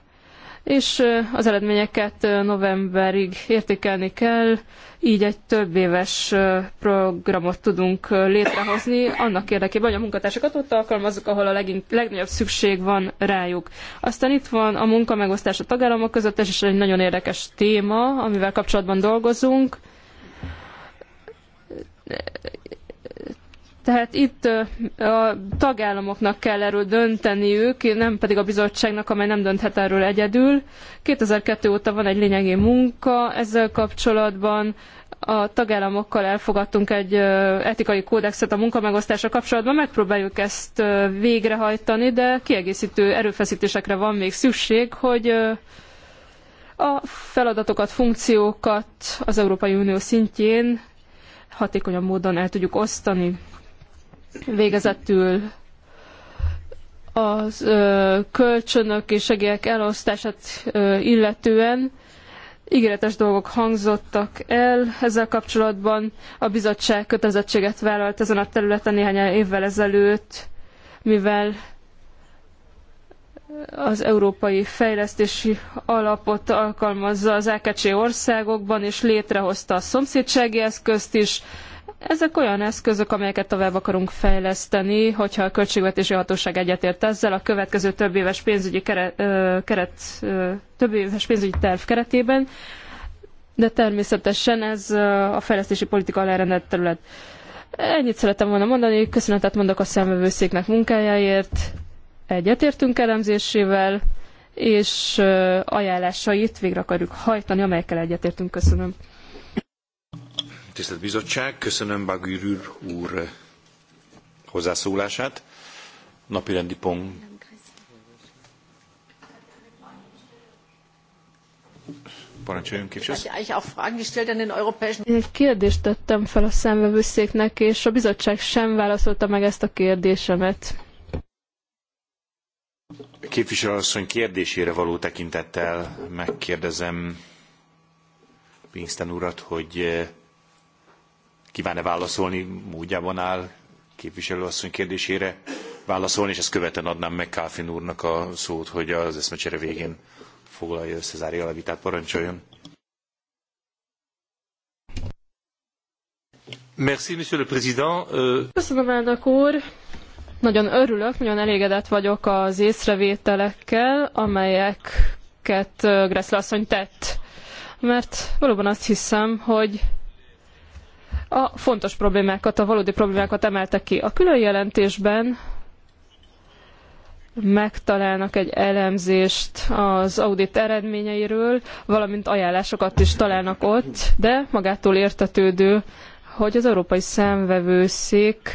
és az eredményeket novemberig értékelni kell, így egy több éves programot tudunk létrehozni, annak érdekében, hogy a munkatársakat ott alkalmazzuk, ahol a legint, legnagyobb szükség van rájuk. Aztán itt van a munkamegosztás a tagállamok között, ez is egy nagyon érdekes téma, amivel kapcsolatban dolgozunk tehát itt a tagállamoknak kell erről dönteniük, nem pedig a bizottságnak, amely nem dönthet erről egyedül. 2002 óta van egy lényegi munka ezzel kapcsolatban. A tagállamokkal elfogadtunk egy etikai kódexet a munkamegosztásra kapcsolatban, megpróbáljuk ezt végrehajtani, de kiegészítő erőfeszítésekre van még szükség, hogy a feladatokat, funkciókat az Európai Unió szintjén hatékonyabb módon el tudjuk osztani. Végezetül az kölcsönök és segélyek elosztását illetően ígéretes dolgok hangzottak el ezzel kapcsolatban. A bizottság kötelezettséget vállalt ezen a területen néhány évvel ezelőtt, mivel az Európai Fejlesztési Alapot alkalmazza az AKC országokban, és létrehozta a szomszédsági eszközt is, ezek olyan eszközök, amelyeket tovább akarunk fejleszteni, hogyha a költségvetési hatóság egyetért ezzel a következő több éves pénzügyi keret, keret több éves pénzügyi terv keretében, de természetesen ez a fejlesztési politika alárendelt terület. Ennyit szerettem volna mondani, köszönetet mondok a számvevőszéknek munkájáért, egyetértünk elemzésével, és ajánlásait végre akarjuk hajtani, amelyekkel egyetértünk. Köszönöm. Tisztelt Bizottság, köszönöm Bagűr úr, úr eh, hozzászólását. Napirendi pont Egy kérdést tettem fel a számvevőszéknek, és a bizottság sem válaszolta meg ezt a kérdésemet. Képviselőasszony kérdésére való tekintettel megkérdezem Pinkston urat, hogy eh, kíván-e válaszolni, módjában áll képviselőasszony kérdésére válaszolni, és ezt követően adnám meg Kálfin úrnak a szót, hogy az eszmecsere végén foglalja össze, zárja a vitát, parancsoljon. Merci, monsieur le président. Euh, Köszönöm, elnök úr. Nagyon örülök, nagyon elégedett vagyok az észrevételekkel, amelyeket Gressler asszony tett. Mert valóban azt hiszem, hogy a fontos problémákat, a valódi problémákat emelte ki. A külön jelentésben megtalálnak egy elemzést az audit eredményeiről, valamint ajánlásokat is találnak ott, de magától értetődő, hogy az Európai Számvevőszék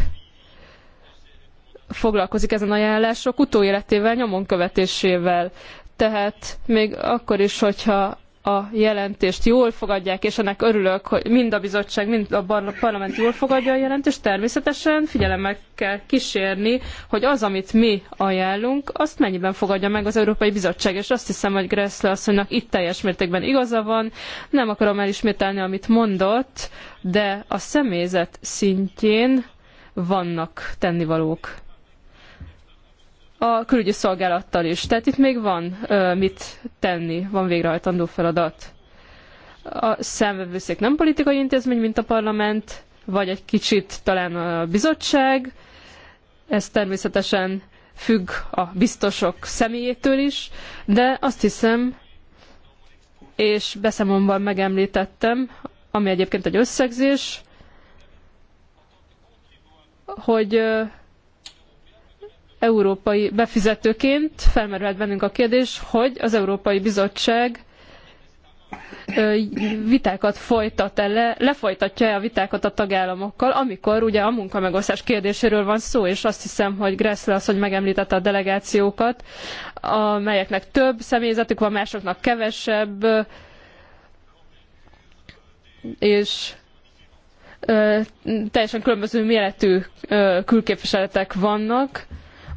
foglalkozik ezen ajánlások utóéletével, nyomon követésével. Tehát még akkor is, hogyha a jelentést jól fogadják, és ennek örülök, hogy mind a bizottság, mind a parlament jól fogadja a jelentést. Természetesen figyelemmel kell kísérni, hogy az, amit mi ajánlunk, azt mennyiben fogadja meg az Európai Bizottság, és azt hiszem, hogy Gressle asszonynak itt teljes mértékben igaza van. Nem akarom elismételni, amit mondott, de a személyzet szintjén vannak tennivalók a külügyi szolgálattal is. Tehát itt még van mit tenni, van végrehajtandó feladat. A számvevőszék nem politikai intézmény, mint a parlament, vagy egy kicsit talán a bizottság. Ez természetesen függ a biztosok személyétől is, de azt hiszem, és beszámomban megemlítettem, ami egyébként egy összegzés, hogy európai befizetőként felmerült bennünk a kérdés, hogy az Európai Bizottság vitákat folytat -e le, lefolytatja-e a vitákat a tagállamokkal, amikor ugye a munkamegosztás kérdéséről van szó, és azt hiszem, hogy Gressle az, hogy megemlítette a delegációkat, amelyeknek több személyzetük van, másoknak kevesebb, és teljesen különböző méretű külképviseletek vannak.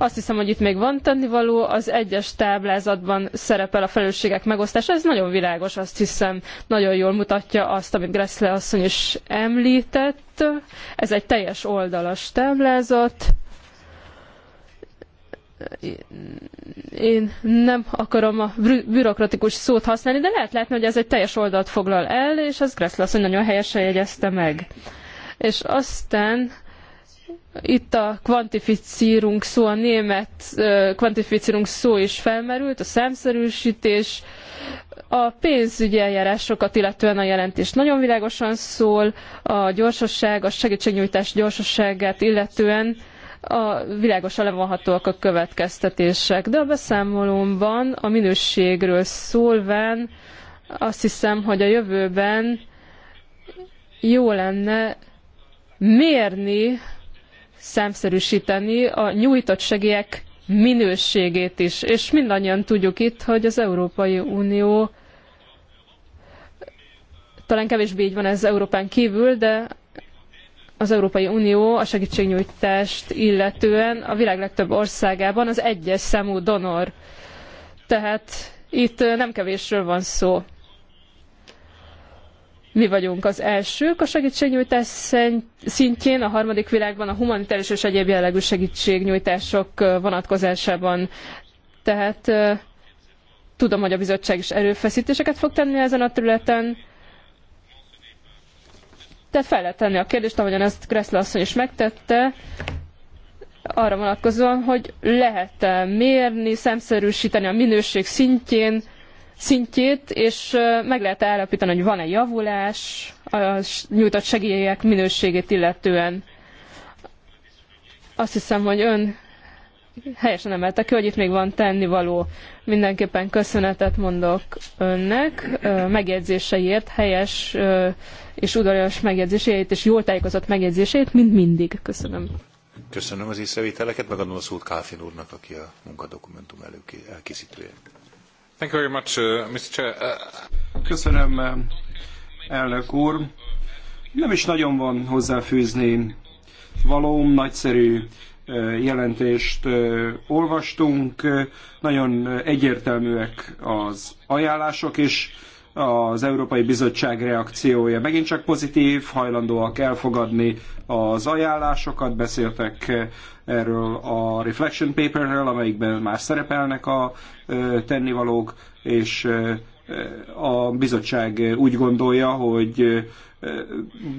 Azt hiszem, hogy itt még van tennivaló, az egyes táblázatban szerepel a felelősségek megosztása, ez nagyon világos, azt hiszem, nagyon jól mutatja azt, amit Gressle asszony is említett. Ez egy teljes oldalas táblázat, én nem akarom a bürokratikus szót használni, de lehet látni, hogy ez egy teljes oldalt foglal el, és az Gressler asszony nagyon helyesen jegyezte meg. És aztán itt a kvantificírunk szó, a német kvantificírunk szó is felmerült, a szemszerűsítés, a pénzügyi eljárásokat, illetően a jelentés nagyon világosan szól, a gyorsaság, a segítségnyújtás gyorsosságát, illetően a világosan levonhatóak a következtetések. De a beszámolómban a minőségről szólván azt hiszem, hogy a jövőben jó lenne mérni szemszerűsíteni a nyújtott segélyek minőségét is. És mindannyian tudjuk itt, hogy az Európai Unió talán kevésbé így van ez Európán kívül, de az Európai Unió a segítségnyújtást illetően a világ legtöbb országában az egyes számú donor. Tehát itt nem kevésről van szó mi vagyunk az elsők a segítségnyújtás szintjén, a harmadik világban a humanitárius és egyéb jellegű segítségnyújtások vonatkozásában. Tehát tudom, hogy a bizottság is erőfeszítéseket fog tenni ezen a területen. Tehát fel lehet tenni a kérdést, ahogyan ezt Gressler asszony is megtette, arra vonatkozóan, hogy lehet -e mérni, szemszerűsíteni a minőség szintjén, szintjét, és meg lehet állapítani, hogy van-e javulás a nyújtott segélyek minőségét illetően. Azt hiszem, hogy ön helyesen emelte ki, hogy itt még van tennivaló. Mindenképpen köszönetet mondok önnek megjegyzéseiért, helyes és udvarias megjegyzéseit és jól tájékozott megjegyzéseit, mint mindig. Köszönöm. Köszönöm az észrevételeket, megadom a szót Kálfin úrnak, aki a munkadokumentum előké, elkészítője. Uh, uh, Köszönöm, uh, elnök úr. Nem is nagyon van hozzáfűzni valóm, nagyszerű jelentést olvastunk. Nagyon egyértelműek az ajánlások, és az Európai Bizottság reakciója megint csak pozitív, hajlandóak elfogadni az ajánlásokat, beszéltek erről a reflection paperről, amelyikben már szerepelnek a tennivalók, és a bizottság úgy gondolja, hogy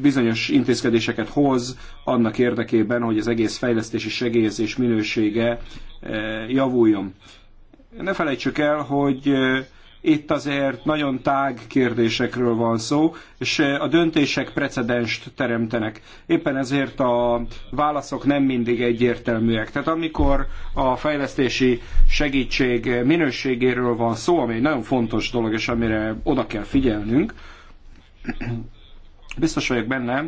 bizonyos intézkedéseket hoz annak érdekében, hogy az egész fejlesztési segélyezés minősége javuljon. Ne felejtsük el, hogy itt azért nagyon tág kérdésekről van szó, és eh, a döntések precedenst teremtenek. Éppen ezért a válaszok nem mindig egyértelműek. Tehát amikor a fejlesztési segítség minőségéről van szó, ami egy nagyon fontos dolog, és amire oda kell figyelnünk, biztos vagyok benne,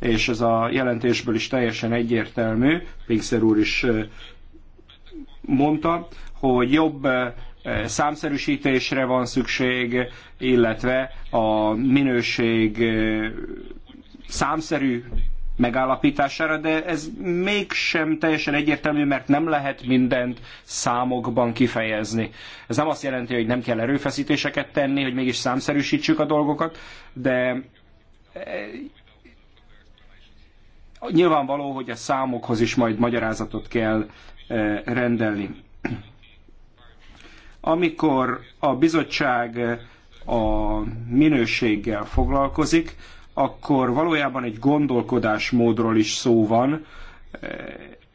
és ez a jelentésből is teljesen egyértelmű, Pinkszer úr is eh, mondta, hogy jobb eh, számszerűsítésre van szükség, illetve a minőség számszerű megállapítására, de ez mégsem teljesen egyértelmű, mert nem lehet mindent számokban kifejezni. Ez nem azt jelenti, hogy nem kell erőfeszítéseket tenni, hogy mégis számszerűsítsük a dolgokat, de e, nyilvánvaló, hogy a számokhoz is majd magyarázatot kell e, rendelni. Amikor a bizottság a minőséggel foglalkozik, akkor valójában egy gondolkodásmódról is szó van,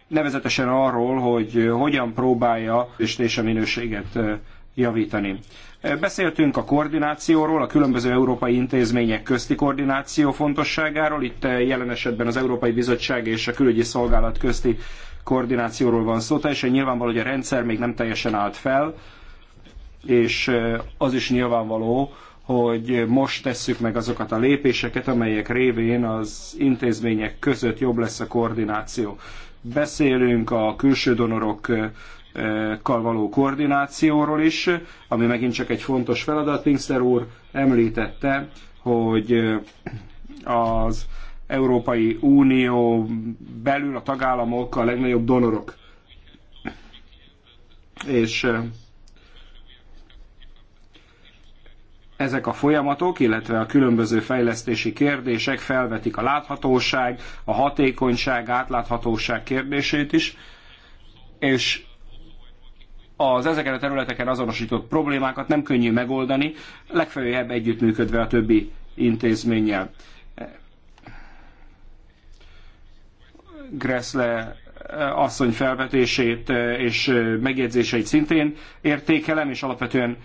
nevezetesen arról, hogy hogyan próbálja és a minőséget javítani. Beszéltünk a koordinációról, a különböző európai intézmények közti koordináció fontosságáról, itt jelen esetben az Európai Bizottság és a Külügyi Szolgálat közti koordinációról van szó, teljesen nyilvánvaló, hogy a rendszer még nem teljesen állt fel, és eh, az is nyilvánvaló, hogy most tesszük meg azokat a lépéseket, amelyek révén az intézmények között jobb lesz a koordináció. Beszélünk a külső donorok eh, kal való koordinációról is, ami megint csak egy fontos feladat. Pinkster úr említette, hogy eh, az Európai Unió belül a tagállamok a legnagyobb donorok. És ezek a folyamatok, illetve a különböző fejlesztési kérdések felvetik a láthatóság, a hatékonyság, átláthatóság kérdését is, és az ezeken a területeken azonosított problémákat nem könnyű megoldani, legfeljebb együttműködve a többi intézménnyel. Gressle eh, asszony felvetését eh, és eh, megjegyzéseit szintén értékelem, és alapvetően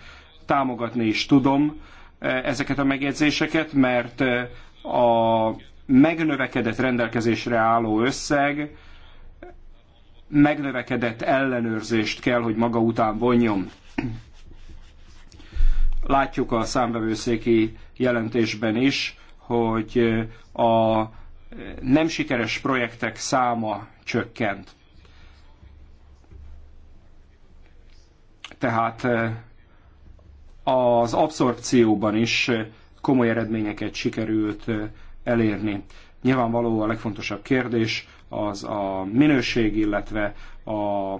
támogatni is tudom e, ezeket a megjegyzéseket, mert e, a megnövekedett rendelkezésre álló összeg megnövekedett ellenőrzést kell, hogy maga után vonjon. Látjuk a számbevőszéki jelentésben is, hogy e, a nem sikeres projektek száma csökkent. Tehát az abszorpcióban is komoly eredményeket sikerült elérni. Nyilvánvaló a legfontosabb kérdés az a minőség, illetve a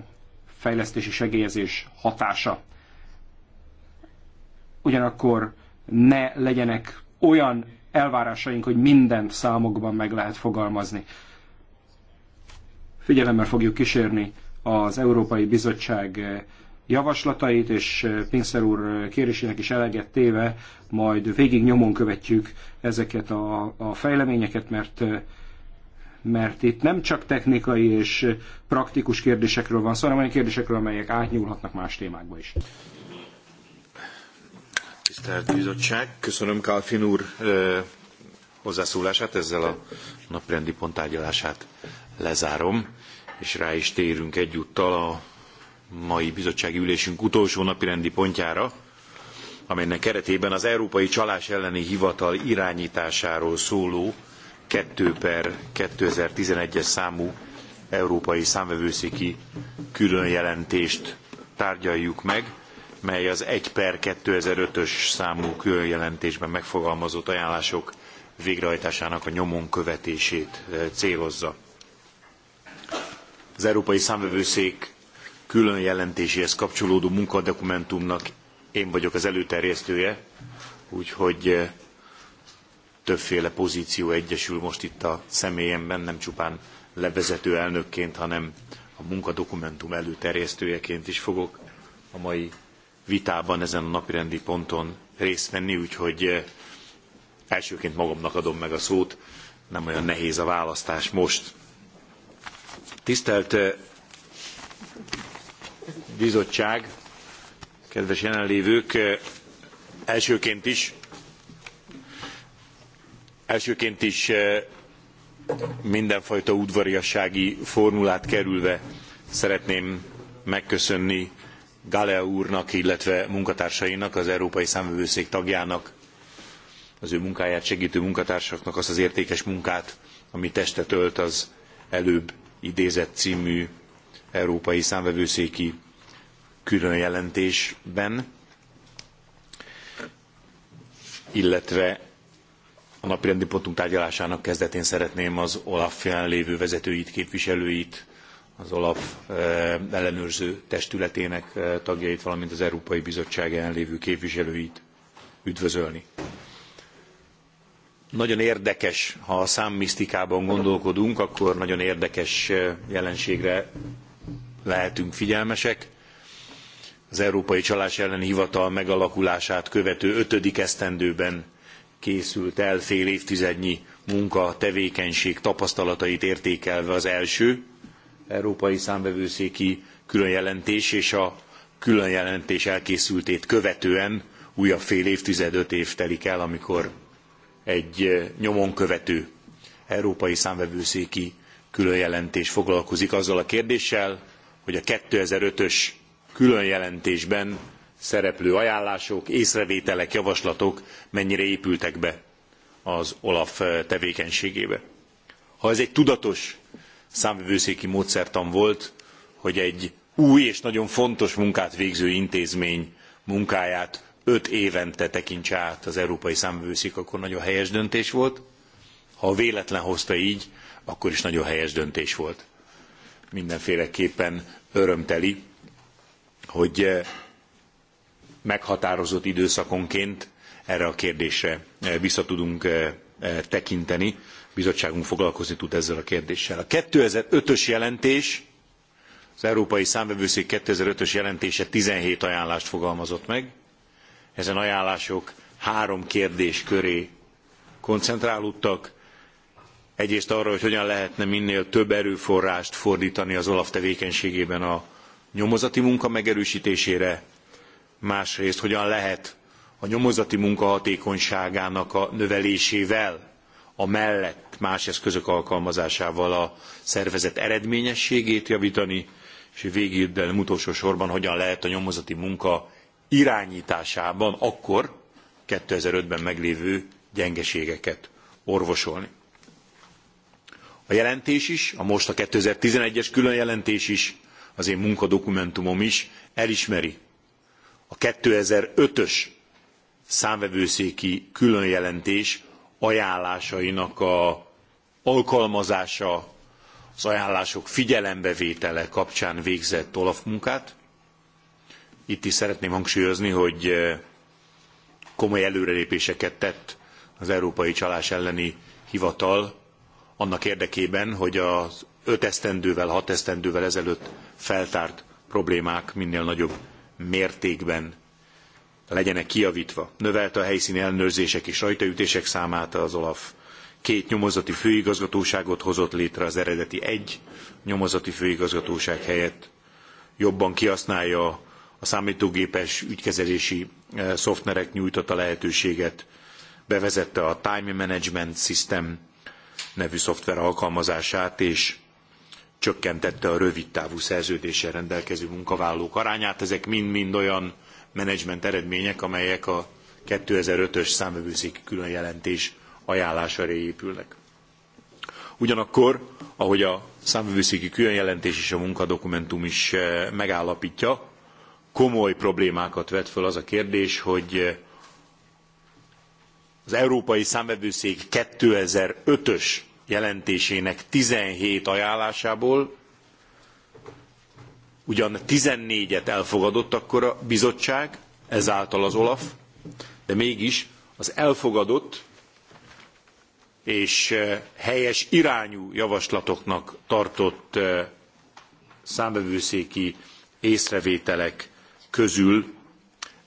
fejlesztési segélyezés hatása. Ugyanakkor ne legyenek olyan elvárásaink, hogy mindent számokban meg lehet fogalmazni. Figyelemmel fogjuk kísérni az Európai Bizottság javaslatait, és Pinszer úr kérésének is eleget téve, majd végig nyomon követjük ezeket a, a fejleményeket, mert mert itt nem csak technikai és praktikus kérdésekről van szó, hanem olyan kérdésekről, amelyek átnyúlhatnak más témákba is. Tisztelt Bizottság, köszönöm Kalfin úr hozzászólását, ezzel a naprendi pont tárgyalását lezárom, és rá is térünk egyúttal a mai bizottsági ülésünk utolsó napirendi pontjára, amelynek keretében az Európai Csalás elleni Hivatal irányításáról szóló 2 per 2011-es számú európai számvevőszéki különjelentést tárgyaljuk meg, mely az 1 per 2005-ös számú különjelentésben megfogalmazott ajánlások végrehajtásának a nyomon követését eh, célozza. Az Európai Számvevőszék külön jelentéséhez kapcsolódó munkadokumentumnak én vagyok az előterjesztője, úgyhogy többféle pozíció egyesül most itt a személyemben, nem csupán levezető elnökként, hanem a munkadokumentum előterjesztőjeként is fogok a mai vitában ezen a napirendi ponton részt venni, úgyhogy elsőként magamnak adom meg a szót, nem olyan nehéz a választás most. Tisztelt bizottság, kedves jelenlévők, eh, elsőként is, elsőként is eh, mindenfajta udvariassági formulát kerülve szeretném megköszönni Galea úrnak, illetve munkatársainak, az Európai Számvevőszék tagjának, az ő munkáját segítő munkatársaknak azt az értékes munkát, ami testet ölt az előbb idézett című Európai Számvevőszéki jelentésben, illetve a napirendi pontunk tárgyalásának kezdetén szeretném az OLAF jelenlévő vezetőit, képviselőit, az OLAF eh, ellenőrző testületének eh, tagjait, valamint az Európai Bizottság jelenlévő képviselőit üdvözölni. Nagyon érdekes, ha a számmisztikában gondolkodunk, akkor nagyon érdekes eh, jelenségre lehetünk figyelmesek. Az Európai Csalás elleni Hivatal megalakulását követő ötödik esztendőben készült el fél évtizednyi munka, tevékenység tapasztalatait értékelve az első Európai Számbevőszéki különjelentés és a különjelentés elkészültét követően újabb fél évtized, öt év telik el, amikor egy nyomon követő európai számvevőszéki különjelentés foglalkozik azzal a kérdéssel, hogy a 2005-ös különjelentésben szereplő ajánlások, észrevételek, javaslatok mennyire épültek be az OLAF eh, tevékenységébe. Ha ez egy tudatos számvevőszéki módszertan volt, hogy egy új és nagyon fontos munkát végző intézmény munkáját öt évente tekintse át az Európai Számvevőszék, akkor nagyon helyes döntés volt. Ha véletlen hozta így, akkor is nagyon helyes döntés volt mindenféleképpen örömteli, hogy eh, meghatározott időszakonként erre a kérdésre eh, vissza tudunk eh, tekinteni. A bizottságunk foglalkozni tud ezzel a kérdéssel. A 2005-ös jelentés, az Európai Számvevőszék 2005-ös jelentése 17 ajánlást fogalmazott meg. Ezen ajánlások három kérdés köré koncentrálódtak, Egyrészt arra, hogy hogyan lehetne minél több erőforrást fordítani az OLAF tevékenységében a nyomozati munka megerősítésére, másrészt hogyan lehet a nyomozati munka hatékonyságának a növelésével, a mellett más eszközök alkalmazásával a szervezet eredményességét javítani, és végül, de nem utolsó sorban, hogyan lehet a nyomozati munka irányításában akkor 2005-ben meglévő gyengeségeket orvosolni. A jelentés is, a most a 2011-es külön jelentés is, az én munkadokumentumom is elismeri a 2005-ös számvevőszéki külön jelentés ajánlásainak a alkalmazása, az ajánlások figyelembevétele kapcsán végzett Olaf munkát. Itt is szeretném hangsúlyozni, hogy eh, komoly előrelépéseket tett az Európai Csalás elleni Hivatal annak érdekében, hogy az öt esztendővel, hat esztendővel ezelőtt feltárt problémák minél nagyobb mértékben legyenek kiavítva. Növelte a helyszíni ellenőrzések és rajtaütések számát az OLAF. Két nyomozati főigazgatóságot hozott létre az eredeti egy nyomozati főigazgatóság helyett. Jobban kihasználja a számítógépes ügykezelési eh, szoftverek nyújtotta lehetőséget. Bevezette a time management system nevű szoftver alkalmazását, és csökkentette a rövidtávú szerződéssel rendelkező munkavállalók arányát. Ezek mind-mind olyan menedzsment eredmények, amelyek a 2005-ös számövőszéki külön jelentés ajánlására épülnek. Ugyanakkor, ahogy a számvevőszéki különjelentés és a munkadokumentum is eh, megállapítja, komoly problémákat vet föl az a kérdés, hogy eh, az Európai Számvevőszék 2005-ös jelentésének 17 ajánlásából ugyan 14-et elfogadott akkor a bizottság, ezáltal az OLAF, de mégis az elfogadott és eh, helyes irányú javaslatoknak tartott eh, számbevőszéki észrevételek közül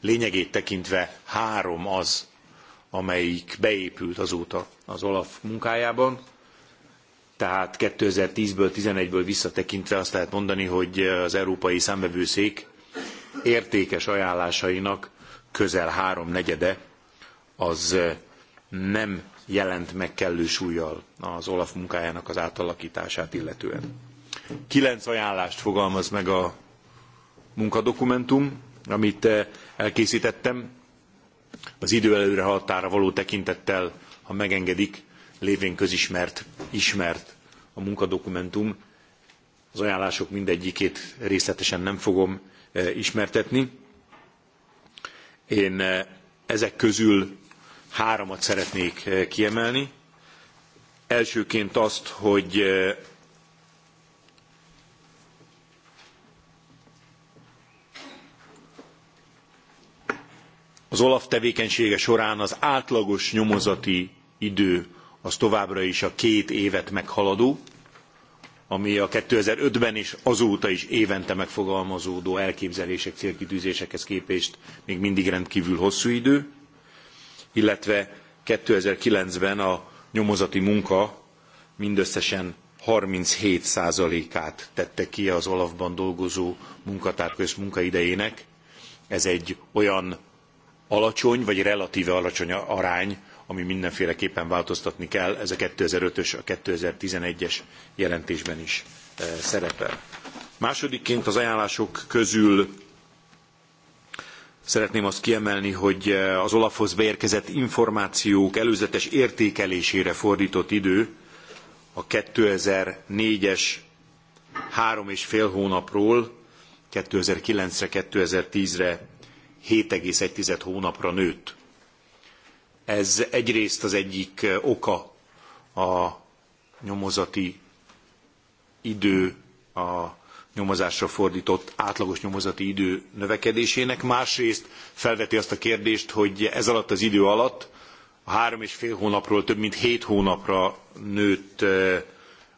lényegét tekintve három az, amelyik beépült azóta az Olaf munkájában. Tehát 2010-ből, 11-ből visszatekintve azt lehet mondani, hogy az Európai Számvevőszék értékes ajánlásainak közel háromnegyede az nem jelent meg kellő súlyjal az Olaf munkájának az átalakítását illetően. Kilenc ajánlást fogalmaz meg a munkadokumentum, amit eh, elkészítettem az idő előre határa való tekintettel, ha megengedik, lévén közismert, ismert a munkadokumentum. Az ajánlások mindegyikét részletesen nem fogom eh, ismertetni. Én eh, ezek közül háromat szeretnék eh, kiemelni. Elsőként azt, hogy az Olaf tevékenysége során az átlagos nyomozati idő az továbbra is a két évet meghaladó, ami a 2005-ben és azóta is évente megfogalmazódó elképzelések, célkitűzésekhez képest még mindig rendkívül hosszú idő, illetve 2009-ben a nyomozati munka mindösszesen 37%-át tette ki az Olafban dolgozó munkatárs munkaidejének. Ez egy olyan alacsony vagy relatíve alacsony arány, ami mindenféleképpen változtatni kell. Ez a 2005-ös, a 2011-es jelentésben is e, szerepel. Másodikként az ajánlások közül Szeretném azt kiemelni, hogy e, az Olafhoz beérkezett információk előzetes értékelésére fordított idő a 2004-es három és fél hónapról 2009-re, 2010-re 7,1 hónapra nőtt. Ez egyrészt az egyik oka a nyomozati idő, a nyomozásra fordított átlagos nyomozati idő növekedésének, másrészt felveti azt a kérdést, hogy ez alatt az idő alatt a három és fél hónapról több mint hét hónapra nőtt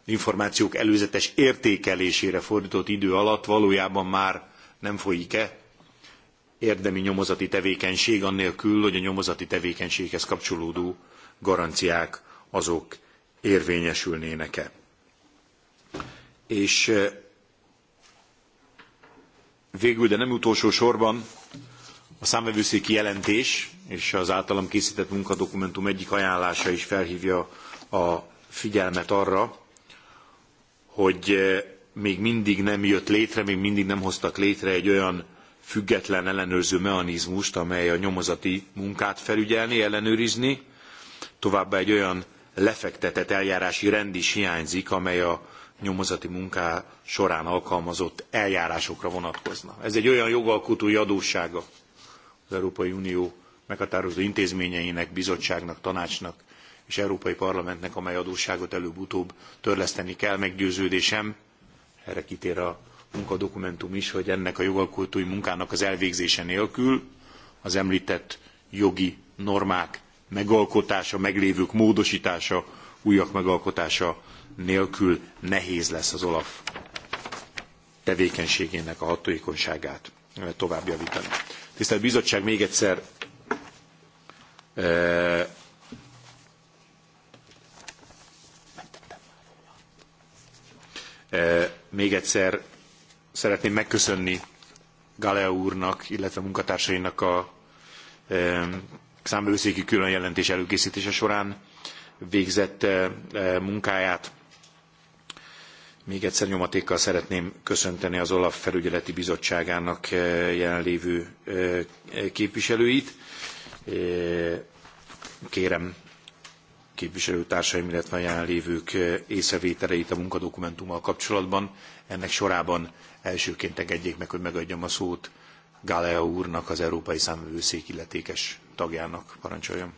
információk előzetes értékelésére fordított idő alatt valójában már nem folyik-e érdemi nyomozati tevékenység, annélkül, hogy a nyomozati tevékenységhez kapcsolódó garanciák azok érvényesülnének-e. És eh, végül, de nem utolsó sorban a számvevőszéki jelentés és az általam készített munkadokumentum egyik ajánlása is felhívja a figyelmet arra, hogy eh, még mindig nem jött létre, még mindig nem hoztak létre egy olyan független ellenőrző mechanizmust, amely a nyomozati munkát felügyelni, ellenőrizni. Továbbá egy olyan lefektetett eljárási rend is hiányzik, amely a nyomozati munká során alkalmazott eljárásokra vonatkozna. Ez egy olyan jogalkotói adóssága az Európai Unió meghatározó intézményeinek, bizottságnak, tanácsnak és Európai Parlamentnek, amely adósságot előbb-utóbb törleszteni kell, meggyőződésem, erre kitér a munkadokumentum is, hogy ennek a jogalkotói munkának az elvégzése nélkül az említett jogi normák megalkotása, meglévők módosítása, újak megalkotása nélkül nehéz lesz az OLAF tevékenységének a hatékonyságát eh, tovább javítani. Tisztelt Bizottság, még egyszer e még egyszer Szeretném megköszönni Galea úrnak, illetve munkatársainak a számbevőszéki külön jelentés előkészítése során végzett eh, eh, munkáját. Még egyszer nyomatékkal szeretném köszönteni az OLAF felügyeleti bizottságának eh, jelenlévő képviselőit. Kérem képviselőtársaim, illetve a jelenlévők észrevételeit a munkadokumentummal kapcsolatban. Ennek sorában elsőként engedjék meg, hogy megadjam a szót Galea úrnak, az Európai Számvevőszék illetékes tagjának. Parancsoljon.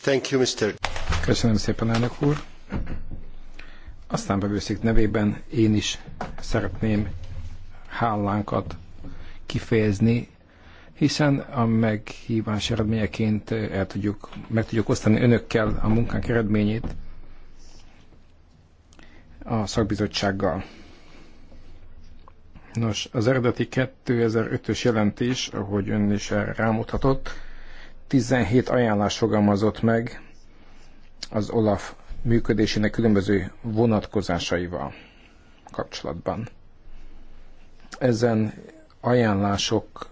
Thank you, Mr. Köszönöm szépen, elnök úr. A számbevőszék nevében én is szeretném hálánkat kifejezni, hiszen a meghívás eredményeként el tudjuk, meg tudjuk osztani önökkel a munkánk eredményét, a szakbizottsággal. Nos, az eredeti 2005-ös jelentés, ahogy ön is rámutatott, 17 ajánlás fogalmazott meg az OLAF működésének különböző vonatkozásaival kapcsolatban. Ezen ajánlások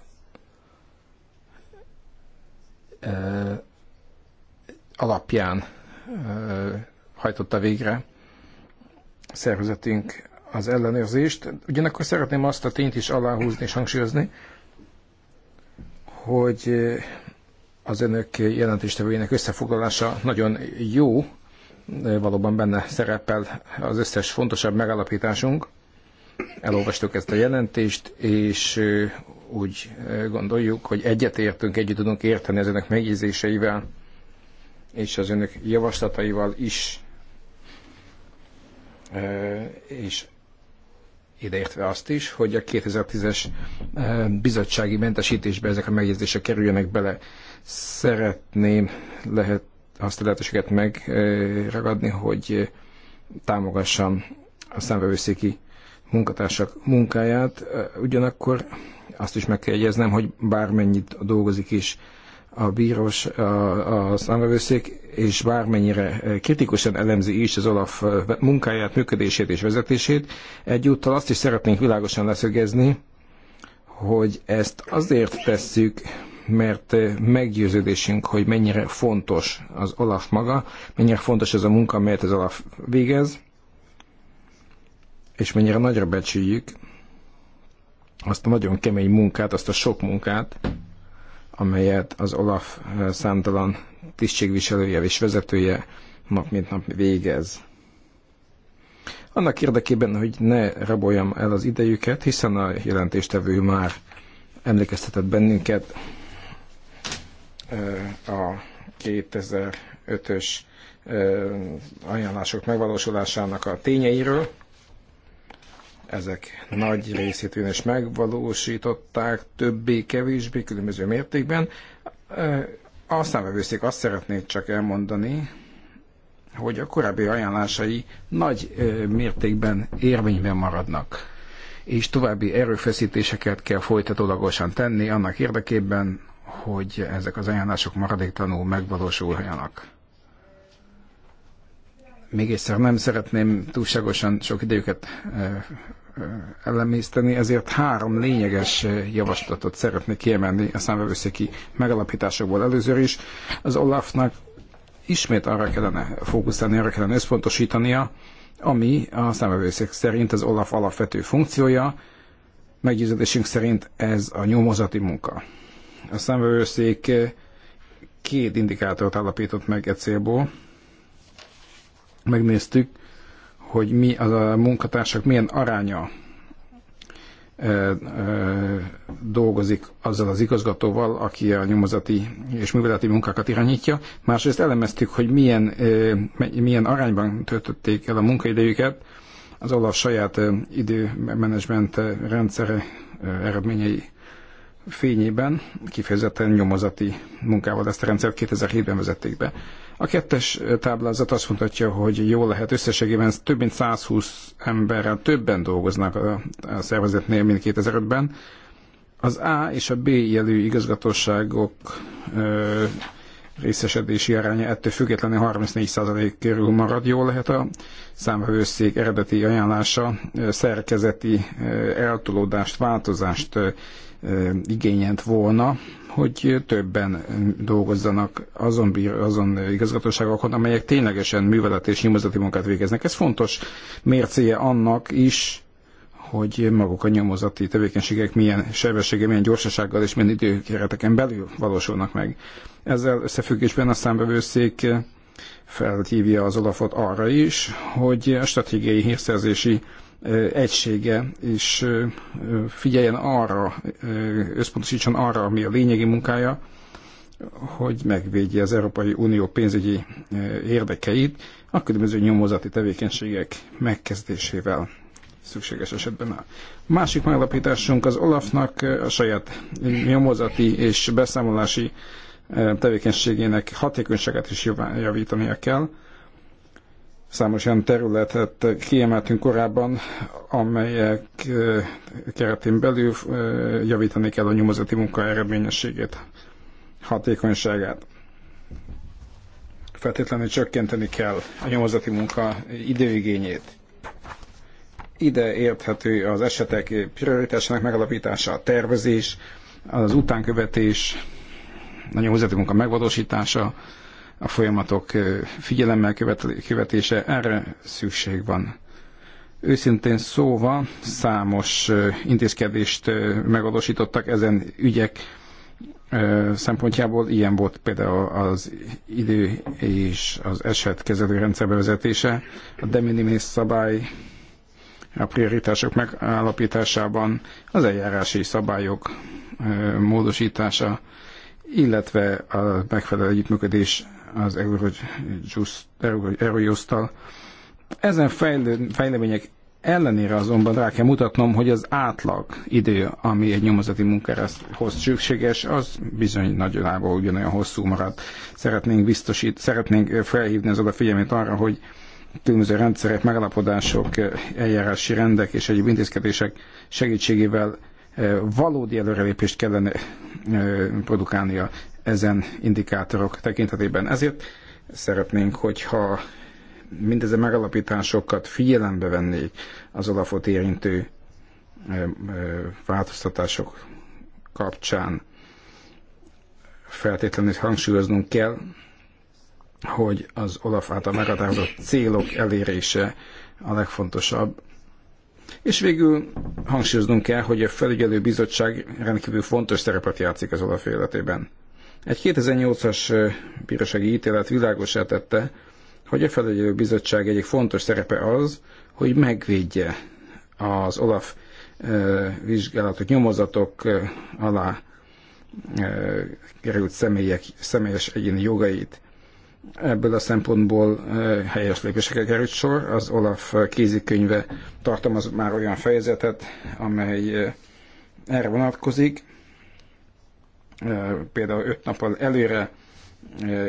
alapján hajtotta végre szervezetünk az ellenőrzést. Ugyanakkor szeretném azt a tényt is aláhúzni és hangsúlyozni, hogy eh, az önök jelentéstevőjének összefoglalása nagyon jó, eh, valóban benne szerepel az összes fontosabb megállapításunk. Elolvastuk ezt a jelentést, és eh, úgy gondoljuk, hogy egyetértünk, együtt tudunk érteni az önök megjegyzéseivel és az önök javaslataival is és ideértve azt is, hogy a 2010-es bizottsági mentesítésbe ezek a megjegyzések kerüljenek bele. Szeretném lehet azt a lehetőséget megragadni, hogy támogassam a számvevőszéki munkatársak munkáját. Ugyanakkor azt is meg kell jegyeznem, hogy bármennyit dolgozik is a bírós, a, a számvevőszék, és bármennyire kritikusan elemzi is az Olaf munkáját, működését és vezetését, egyúttal azt is szeretnénk világosan leszögezni, hogy ezt azért tesszük, mert meggyőződésünk, hogy mennyire fontos az Olaf maga, mennyire fontos ez a munka, amelyet az Olaf végez, és mennyire nagyra becsüljük azt a nagyon kemény munkát, azt a sok munkát, amelyet az Olaf eh, számtalan tisztségviselője és vezetője nap mint nap végez. Annak érdekében, hogy ne raboljam el az idejüket, hiszen a jelentéstevő már emlékeztetett bennünket eh, a 2005-ös eh, ajánlások megvalósulásának a tényeiről ezek nagy részét is megvalósították, többé-kevésbé, különböző mértékben. A számvevőszék azt szeretnék csak elmondani, hogy a korábbi ajánlásai nagy mértékben érvényben maradnak, és további erőfeszítéseket kell folytatólagosan tenni annak érdekében, hogy ezek az ajánlások maradéktanul megvalósuljanak még egyszer nem szeretném túlságosan sok időket eh, eh, elemészteni, ezért három lényeges eh, javaslatot szeretnék kiemelni a számvevőszéki megalapításokból először is. Az Olafnak ismét arra kellene fókuszálni, arra kellene összpontosítania, ami a számvevőszék szerint az Olaf alapvető funkciója, meggyőződésünk szerint ez a nyomozati munka. A számvevőszék két indikátort állapított meg e célból, megnéztük, hogy mi az a munkatársak milyen aránya dolgozik azzal az igazgatóval, aki a nyomozati és műveleti munkákat irányítja. Másrészt elemeztük, hogy milyen, milyen arányban töltötték el a munkaidejüket az olasz saját időmenedzsment rendszere eredményei fényében kifejezetten nyomozati munkával ezt a rendszert 2007-ben vezették be. A kettes táblázat azt mutatja, hogy jó lehet összességében több mint 120 emberrel többen dolgoznak a, a szervezetnél, mint 2005-ben. Az A és a B jelű igazgatóságok ö, részesedési aránya ettől függetlenül 34% körül marad. jó lehet a számvevőszék eredeti ajánlása szerkezeti eltolódást, változást igényelt volna, hogy többen dolgozzanak azon, azon igazgatóságokon, amelyek ténylegesen művelet és nyomozati munkát végeznek. Ez fontos mércéje annak is, hogy maguk a nyomozati tevékenységek milyen sebessége, milyen gyorsasággal és milyen időkereteken belül valósulnak meg. Ezzel összefüggésben a számbevőszék felhívja az Olafot arra is, hogy a stratégiai hírszerzési egysége és figyeljen arra, összpontosítson arra, ami a lényegi munkája, hogy megvédje az Európai Unió pénzügyi érdekeit a különböző nyomozati tevékenységek megkezdésével szükséges esetben áll. Másik meglapításunk az Olafnak a saját nyomozati és beszámolási tevékenységének hatékonyságát is javítania kell Számos olyan területet kiemeltünk korábban, amelyek eh, keretén belül eh, javítani kell a nyomozati munka eredményességét, hatékonyságát feltétlenül csökkenteni kell a nyomozati munka időigényét. Ide érthető az esetek prioritásának megalapítása, a tervezés, az utánkövetés, a nyomozati munka megvalósítása, a folyamatok figyelemmel követése, erre szükség van. Őszintén szóva számos intézkedést megadósítottak ezen ügyek szempontjából, ilyen volt például az idő és az kezelő rendszer bevezetése, a de minimis szabály, a prioritások megállapításában, az eljárási szabályok módosítása, illetve a megfelelő együttműködés az Eurojust-tal. Ezen fejlemények ellenére azonban rá kell mutatnom, hogy az átlag idő, ami egy nyomozati munkához szükséges, az bizony nagyjából ugyanolyan hosszú maradt. Szeretnénk biztosít, szeretnénk felhívni az odafigyelmét arra, hogy különböző rendszerek, megalapodások, eljárási rendek és egyéb intézkedések segítségével eh, valódi előrelépést kellene eh, produkálnia ezen indikátorok tekintetében. Ezért szeretnénk, hogyha mindezen megalapításokat figyelembe vennék az alapot érintő változtatások kapcsán. Feltétlenül hangsúlyoznunk kell, hogy az Olaf által meghatározott célok elérése a legfontosabb. És végül hangsúlyoznunk kell, hogy a felügyelő bizottság rendkívül fontos szerepet játszik az Olaf életében egy 2008-as bírósági ítélet világosá tette, hogy a e felügyelő bizottság egyik fontos szerepe az, hogy megvédje az Olaf vizsgálatok, nyomozatok alá került személyek, személyes egyéni jogait. Ebből a szempontból helyes lépésekre került sor. Az Olaf kézikönyve tartalmaz már olyan fejezetet, amely erre vonatkozik, például öt nappal előre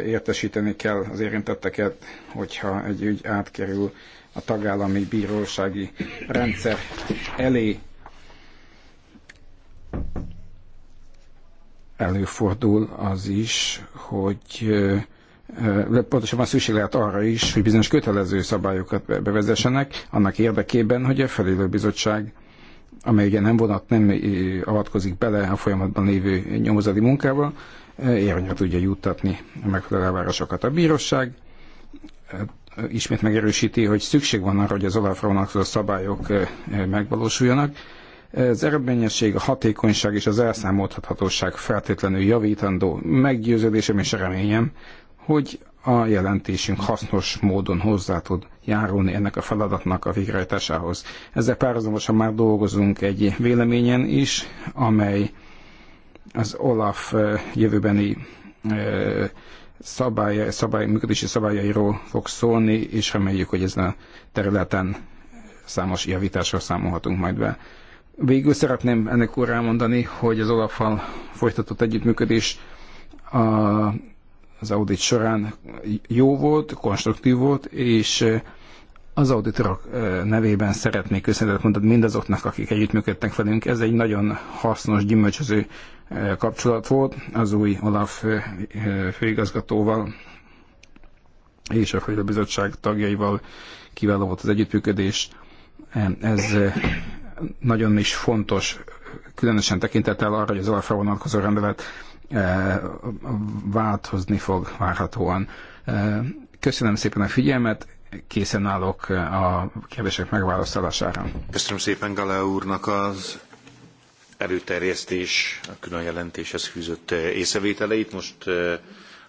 értesíteni kell az érintetteket, hogyha egy ügy átkerül a tagállami bírósági rendszer elé. Előfordul az is, hogy pontosabban szükség lehet arra is, hogy bizonyos kötelező szabályokat bevezessenek annak érdekében, hogy a felélőbizottság bizottság amely ugye nem vonat, nem avatkozik bele a folyamatban lévő nyomozati munkával, érvényre tudja juttatni a megfelelő elvárásokat. A bíróság ismét megerősíti, hogy szükség van arra, hogy az olafronak a szabályok megvalósuljanak. Az eredményesség, a hatékonyság és az elszámolhatóság feltétlenül javítandó meggyőződésem és reményem, hogy a jelentésünk hasznos módon hozzá tud járulni ennek a feladatnak a végrehajtásához. Ezzel párhuzamosan már dolgozunk egy véleményen is, amely az OLAF jövőbeni szabály, szabály, működési szabályairól fog szólni, és reméljük, hogy ezen a területen számos javításra számolhatunk majd be. Végül szeretném ennek úr mondani, hogy az olaf folytatott együttműködés a az audit során jó volt, konstruktív volt, és az auditorok nevében szeretnék köszönetet mondani mindazoknak, akik együttműködtek velünk. Ez egy nagyon hasznos, gyümölcsöző kapcsolat volt az új Olaf főigazgatóval és a Bizottság tagjaival kiváló volt az együttműködés. Ez nagyon is fontos, különösen tekintettel arra, hogy az Olafra vonatkozó rendelet változni fog várhatóan. Köszönöm szépen a figyelmet, készen állok a kérdések megválasztalására. Köszönöm szépen Gale úrnak az erőterjesztés, a külön jelentéshez fűzött észrevételeit. Most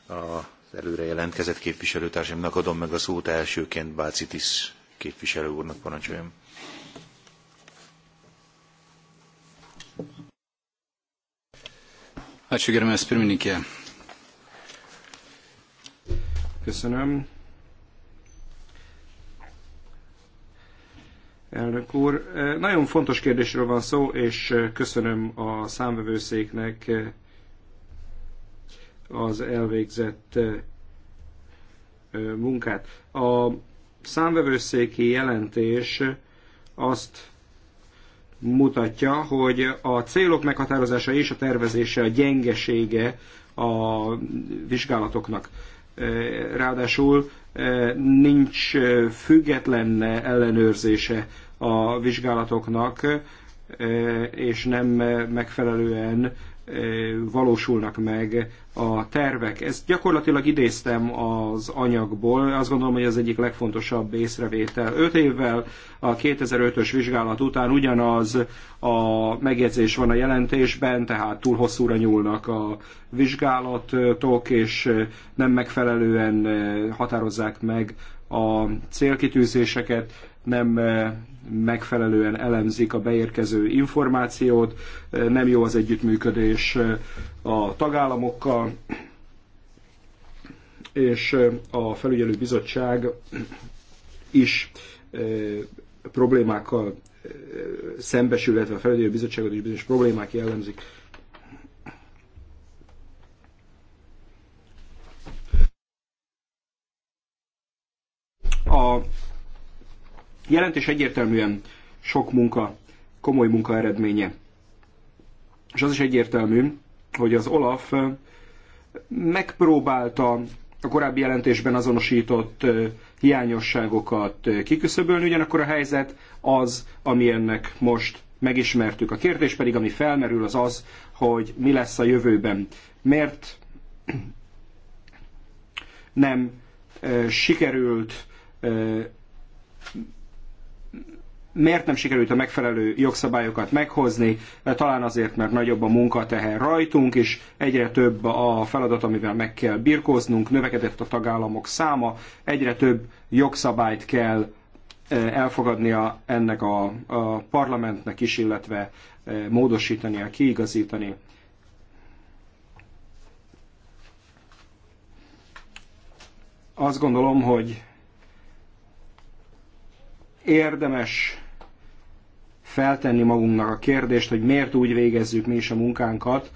az előre jelentkezett képviselőtársamnak adom meg a szót elsőként Bácitis képviselő úrnak parancsoljon. Ačiū gerbiamas pirmininkė. Köszönöm. Elnök úr, eh, nagyon fontos kérdésről van szó, és eh, köszönöm a számvevőszéknek eh, az elvégzett munkát. A számvevőszéki jelentés azt mutatja, hogy a célok meghatározása és a tervezése a gyengesége a vizsgálatoknak. Ráadásul nincs független ellenőrzése a vizsgálatoknak, és nem megfelelően valósulnak meg a tervek. Ezt gyakorlatilag idéztem az anyagból, azt gondolom, hogy ez egyik legfontosabb észrevétel. Öt évvel a 2005-ös vizsgálat után ugyanaz a megjegyzés van a jelentésben, tehát túl hosszúra nyúlnak a vizsgálatok, és nem megfelelően határozzák meg a célkitűzéseket nem eh, megfelelően elemzik a beérkező információt, eh, nem jó az együttműködés eh, a tagállamokkal, és a felügyelő bizottság is problémákkal szembesül, illetve a felügyelő bizottságot is bizonyos problémák jellemzik. A jelentés egyértelműen sok munka, komoly munka eredménye. És az is egyértelmű, hogy az Olaf megpróbálta a korábbi jelentésben azonosított hiányosságokat kiküszöbölni, ugyanakkor a helyzet az, ami ennek most megismertük. A kérdés pedig, ami felmerül, az az, hogy mi lesz a jövőben. Miért nem sikerült miért nem sikerült a megfelelő jogszabályokat meghozni, talán azért, mert nagyobb a munkateher rajtunk, és egyre több a feladat, amivel meg kell birkóznunk, növekedett a tagállamok száma, egyre több jogszabályt kell e, elfogadnia ennek a, a parlamentnek is, illetve e, módosítania, kiigazítani. Azt gondolom, hogy érdemes feltenni magunknak a kérdést, hogy miért úgy végezzük mi is a munkánkat,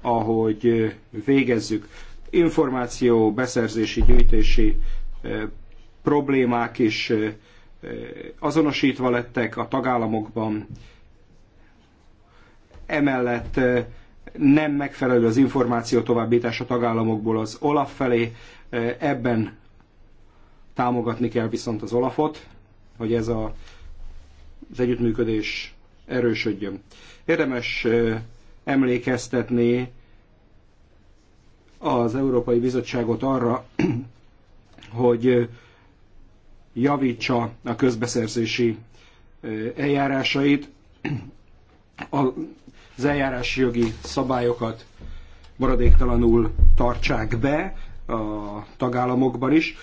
ahogy végezzük. Információ, beszerzési, gyűjtési problémák is azonosítva lettek a tagállamokban. Emellett nem megfelelő az információ továbbítás a tagállamokból az OLAF felé. Ebben támogatni kell viszont az OLAFot, hogy ez a az együttműködés erősödjön. Érdemes emlékeztetni az Európai Bizottságot arra, hogy javítsa a közbeszerzési eljárásait, az eljárási jogi szabályokat maradéktalanul tartsák be a tagállamokban is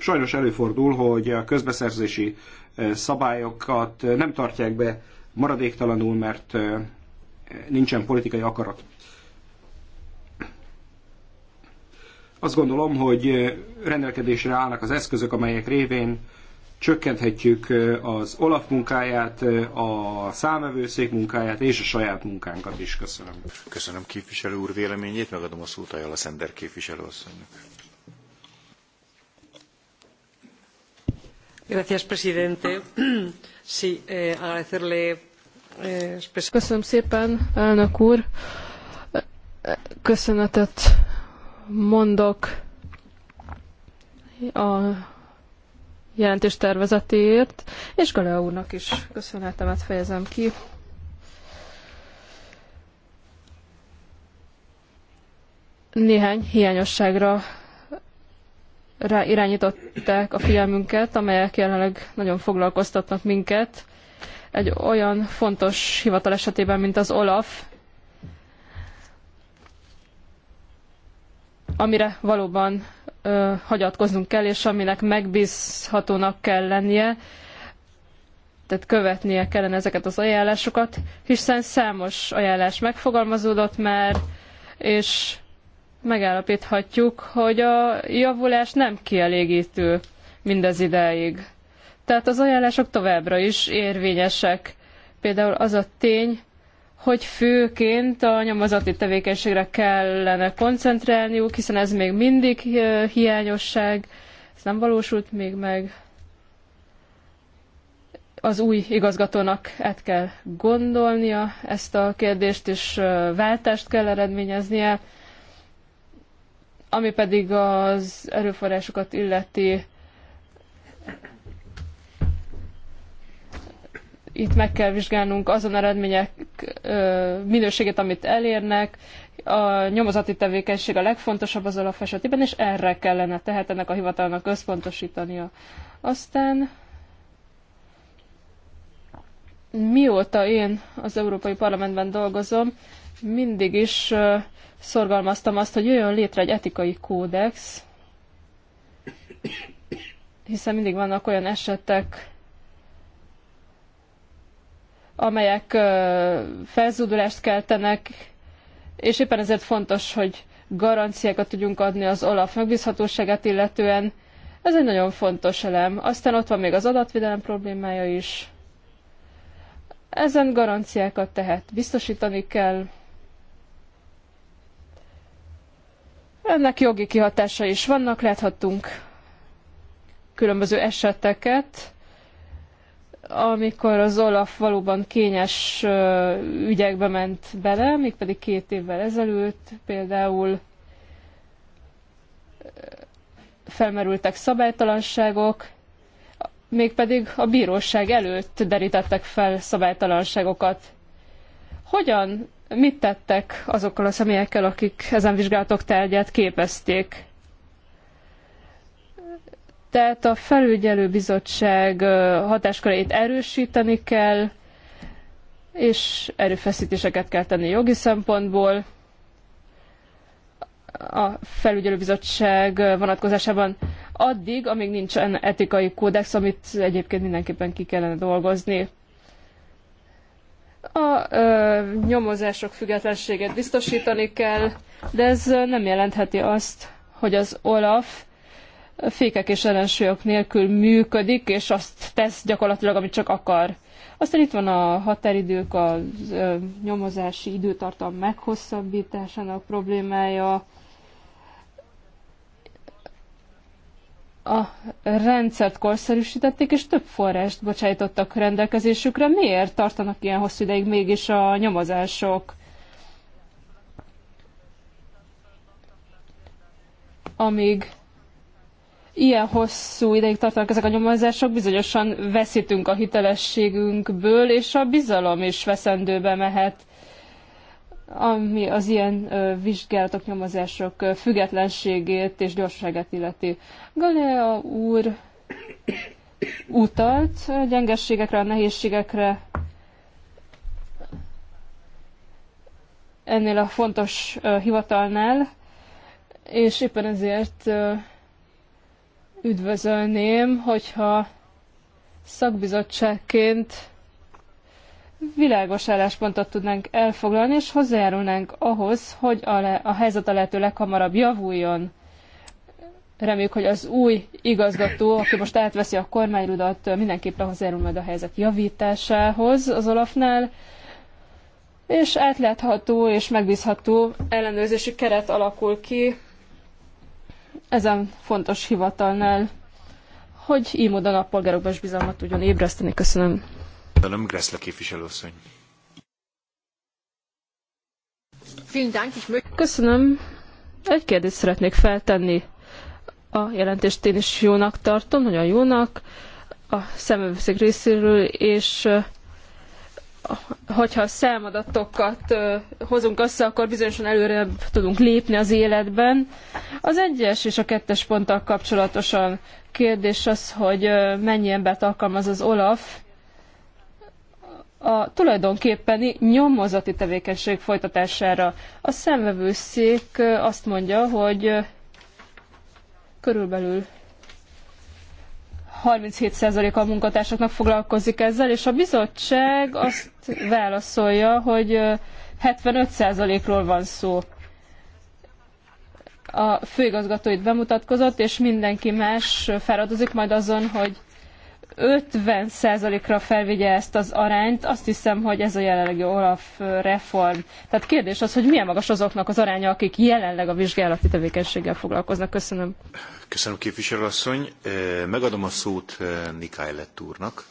sajnos előfordul, hogy a közbeszerzési szabályokat nem tartják be maradéktalanul, mert nincsen politikai akarat. Azt gondolom, hogy rendelkezésre állnak az eszközök, amelyek révén csökkenthetjük az Olaf munkáját, a számvevőszék munkáját és a saját munkánkat is. Köszönöm. Köszönöm képviselő úr véleményét, megadom a szót a Szender képviselő asszonynak. Gracias, presidente. Sí, eh, eh Köszönöm szépen, elnök úr. Köszönetet mondok a jelentés tervezetéért, és Galea úrnak is köszönetemet fejezem ki. Néhány hiányosságra rá irányították a figyelmünket, amelyek jelenleg nagyon foglalkoztatnak minket. Egy olyan fontos hivatal esetében, mint az OLAF, amire valóban ö, hagyatkoznunk kell, és aminek megbízhatónak kell lennie, tehát követnie kellene ezeket az ajánlásokat, hiszen számos ajánlás megfogalmazódott már, és megállapíthatjuk, hogy a javulás nem kielégítő mindez ideig. Tehát az ajánlások továbbra is érvényesek. Például az a tény, hogy főként a nyomozati tevékenységre kellene koncentrálniuk, hiszen ez még mindig eh, hiányosság, ez nem valósult még meg. Az új igazgatónak át kell gondolnia ezt a kérdést, és eh, váltást kell eredményeznie. Ami pedig az erőforrásokat illeti, itt meg kell vizsgálnunk azon eredmények minőségét, amit elérnek. A nyomozati tevékenység a legfontosabb az alap esetében, és erre kellene tehát ennek a hivatalnak összpontosítania. Aztán mióta én az Európai Parlamentben dolgozom, mindig is szorgalmaztam azt, hogy jöjjön létre egy etikai kódex, hiszen mindig vannak olyan esetek, amelyek felzúdulást keltenek, és éppen ezért fontos, hogy garanciákat tudjunk adni az OLAF megbízhatóságát illetően. Ez egy nagyon fontos elem. Aztán ott van még az adatvédelem problémája is. Ezen garanciákat tehát biztosítani kell. Ennek jogi kihatása is vannak, láthattunk különböző eseteket, amikor az Olaf valóban kényes ügyekbe ment bele, mégpedig két évvel ezelőtt például felmerültek szabálytalanságok, mégpedig a bíróság előtt derítettek fel szabálytalanságokat. Hogyan, mit tettek azokkal a személyekkel, akik ezen vizsgálatok tárgyát képezték? Tehát a felügyelőbizottság hatásköreit erősíteni kell, és erőfeszítéseket kell tenni jogi szempontból. A felügyelőbizottság vonatkozásában addig, amíg nincsen etikai kódex, amit egyébként mindenképpen ki kellene dolgozni. A ö, nyomozások függetlenségét biztosítani kell, de ez nem jelentheti azt, hogy az OLAF fékek és ellensúlyok nélkül működik, és azt tesz gyakorlatilag, amit csak akar. Aztán itt van a határidők, a nyomozási időtartam meghosszabbításának problémája, a rendszert korszerűsítették, és több forrást bocsájtottak rendelkezésükre. Miért tartanak ilyen hosszú ideig mégis a nyomozások? Amíg ilyen hosszú ideig tartanak ezek a nyomozások, bizonyosan veszítünk a hitelességünkből, és a bizalom is veszendőbe mehet ami az ilyen vizsgálatok, nyomozások függetlenségét és gyorságát illeti. Galea úr utalt a gyengességekre, a nehézségekre, ennél a fontos hivatalnál, és éppen ezért üdvözölném, hogyha szakbizottságként világos álláspontot tudnánk elfoglalni, és hozzájárulnánk ahhoz, hogy a, le, a helyzet a lehető leghamarabb javuljon. Reméljük, hogy az új igazgató, aki most átveszi a kormányrudat, mindenképpen hozzájárul majd a helyzet javításához az Olafnál, és átlátható és megbízható ellenőrzési keret alakul ki ezen fontos hivatalnál, hogy így módon a polgárokban is bizalmat tudjon ébreszteni. Köszönöm. Köszönöm, Greszle Köszönöm. Egy kérdést szeretnék feltenni. A jelentést én is jónak tartom, nagyon jónak a szemövőszék részéről, és eh, hogyha a számadatokat eh, hozunk össze, akkor bizonyosan előre tudunk lépni az életben. Az egyes és a kettes ponttal kapcsolatosan kérdés az, hogy eh, mennyi embert alkalmaz az OLAF, a tulajdonképpeni nyomozati tevékenység folytatására. A szemvevőszék azt mondja, hogy körülbelül 37% a munkatársaknak foglalkozik ezzel, és a bizottság azt válaszolja, hogy 75%-ról van szó. A főigazgató itt bemutatkozott, és mindenki más feladozik majd azon, hogy 50%-ra felvigye ezt az arányt, azt hiszem, hogy ez a jelenlegi Olaf reform. Tehát kérdés az, hogy milyen magas azoknak az aránya, akik jelenleg a vizsgálati tevékenységgel foglalkoznak. Köszönöm. Köszönöm képviselőasszony. Megadom a szót Nikály Lett úrnak,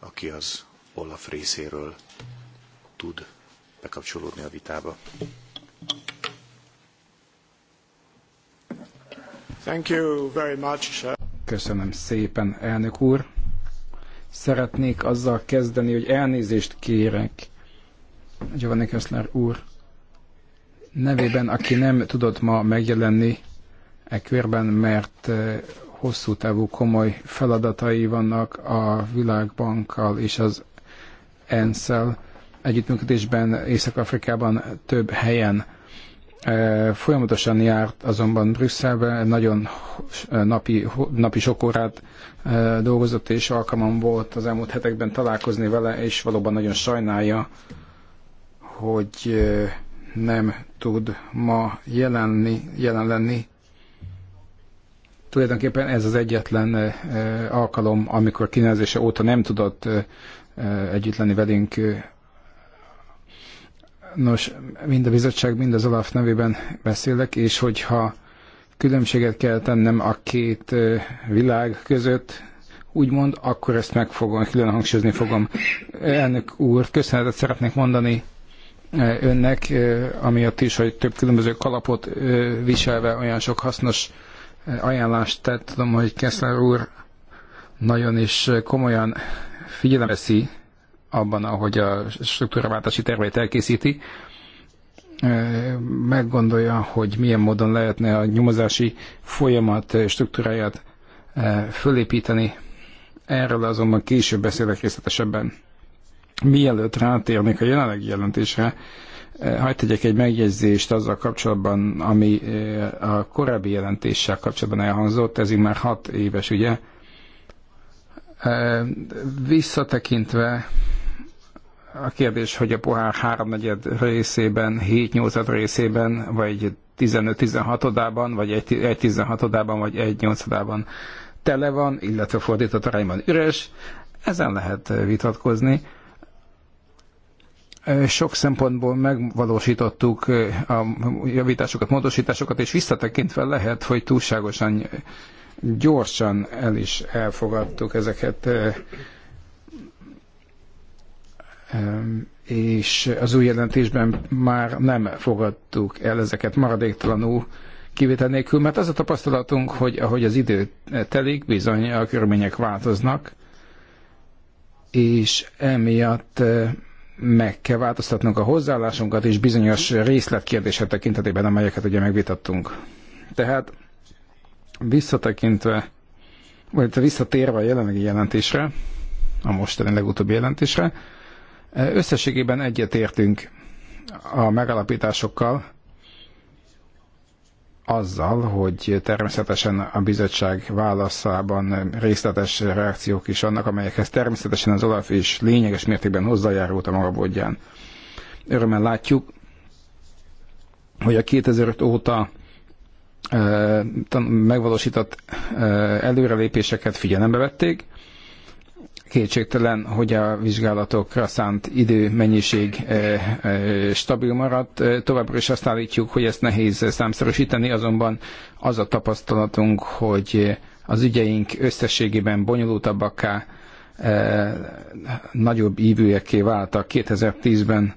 aki az Olaf részéről tud bekapcsolódni a vitába. Thank you very much. Köszönöm szépen, elnök úr. Szeretnék azzal kezdeni, hogy elnézést kérek Giovanni Kessler úr nevében, aki nem tudott ma megjelenni e körben, mert eh, hosszú távú komoly feladatai vannak a Világbankkal és az ENSZ-el együttműködésben Észak-Afrikában több helyen Folyamatosan járt azonban Brüsszelbe, nagyon napi, napi sok órát dolgozott, és alkalmam volt az elmúlt hetekben találkozni vele, és valóban nagyon sajnálja, hogy nem tud ma jelenni, jelen lenni. Tulajdonképpen ez az egyetlen alkalom, amikor kinevezése óta nem tudott együtt lenni velünk Nos, mind a bizottság, mind az Olaf nevében beszélek, és hogyha különbséget kell tennem a két világ között, úgymond, akkor ezt meg fogom, külön hangsúlyozni fogom. Elnök úr, köszönetet szeretnék mondani önnek, amiatt is, hogy több különböző kalapot viselve olyan sok hasznos ajánlást tett. Tudom, hogy Kessler úr nagyon is komolyan figyelemveszi abban, ahogy a struktúraváltási terveit elkészíti, meggondolja, hogy milyen módon lehetne a nyomozási folyamat struktúráját fölépíteni. Erről azonban később beszélek részletesebben. Mielőtt rátérnék a jelenlegi jelentésre, hagyd tegyek egy megjegyzést azzal kapcsolatban, ami a korábbi jelentéssel kapcsolatban elhangzott, ez így már hat éves, ugye? Visszatekintve a kérdés, hogy a pohár háromnegyed részében, 7-8 részében, vagy 15-16 odában, vagy 1-16 odában, vagy 1-8 odában tele van, illetve fordított arányban üres, ezen lehet vitatkozni. Sok szempontból megvalósítottuk a javításokat, módosításokat, és visszatekintve lehet, hogy túlságosan gyorsan el is elfogadtuk ezeket és az új jelentésben már nem fogadtuk el ezeket maradéktalanul kivétel nélkül, mert az a tapasztalatunk, hogy ahogy az idő telik, bizony a körülmények változnak, és emiatt eh, meg kell változtatnunk a hozzáállásunkat és bizonyos részletkérdések tekintetében, amelyeket ugye megvitattunk. Tehát visszatekintve, vagy visszatérve a jelenlegi jelentésre, a mostani legutóbbi jelentésre, Összességében egyetértünk a megalapításokkal, azzal, hogy természetesen a bizottság válaszában részletes reakciók is vannak, amelyekhez természetesen az Olaf is lényeges mértékben hozzájárult a maga módján. Örömmel látjuk, hogy a 2005 óta eh, megvalósított eh, előrelépéseket figyelembe vették, Kétségtelen, hogy a vizsgálatokra szánt idő mennyiség eh, eh, stabil maradt. Eh, továbbra is azt állítjuk, hogy ezt nehéz számszerűsíteni, azonban az a tapasztalatunk, hogy az ügyeink összességében bonyolultabbakká, nagyobb ívűeké váltak 2010-ben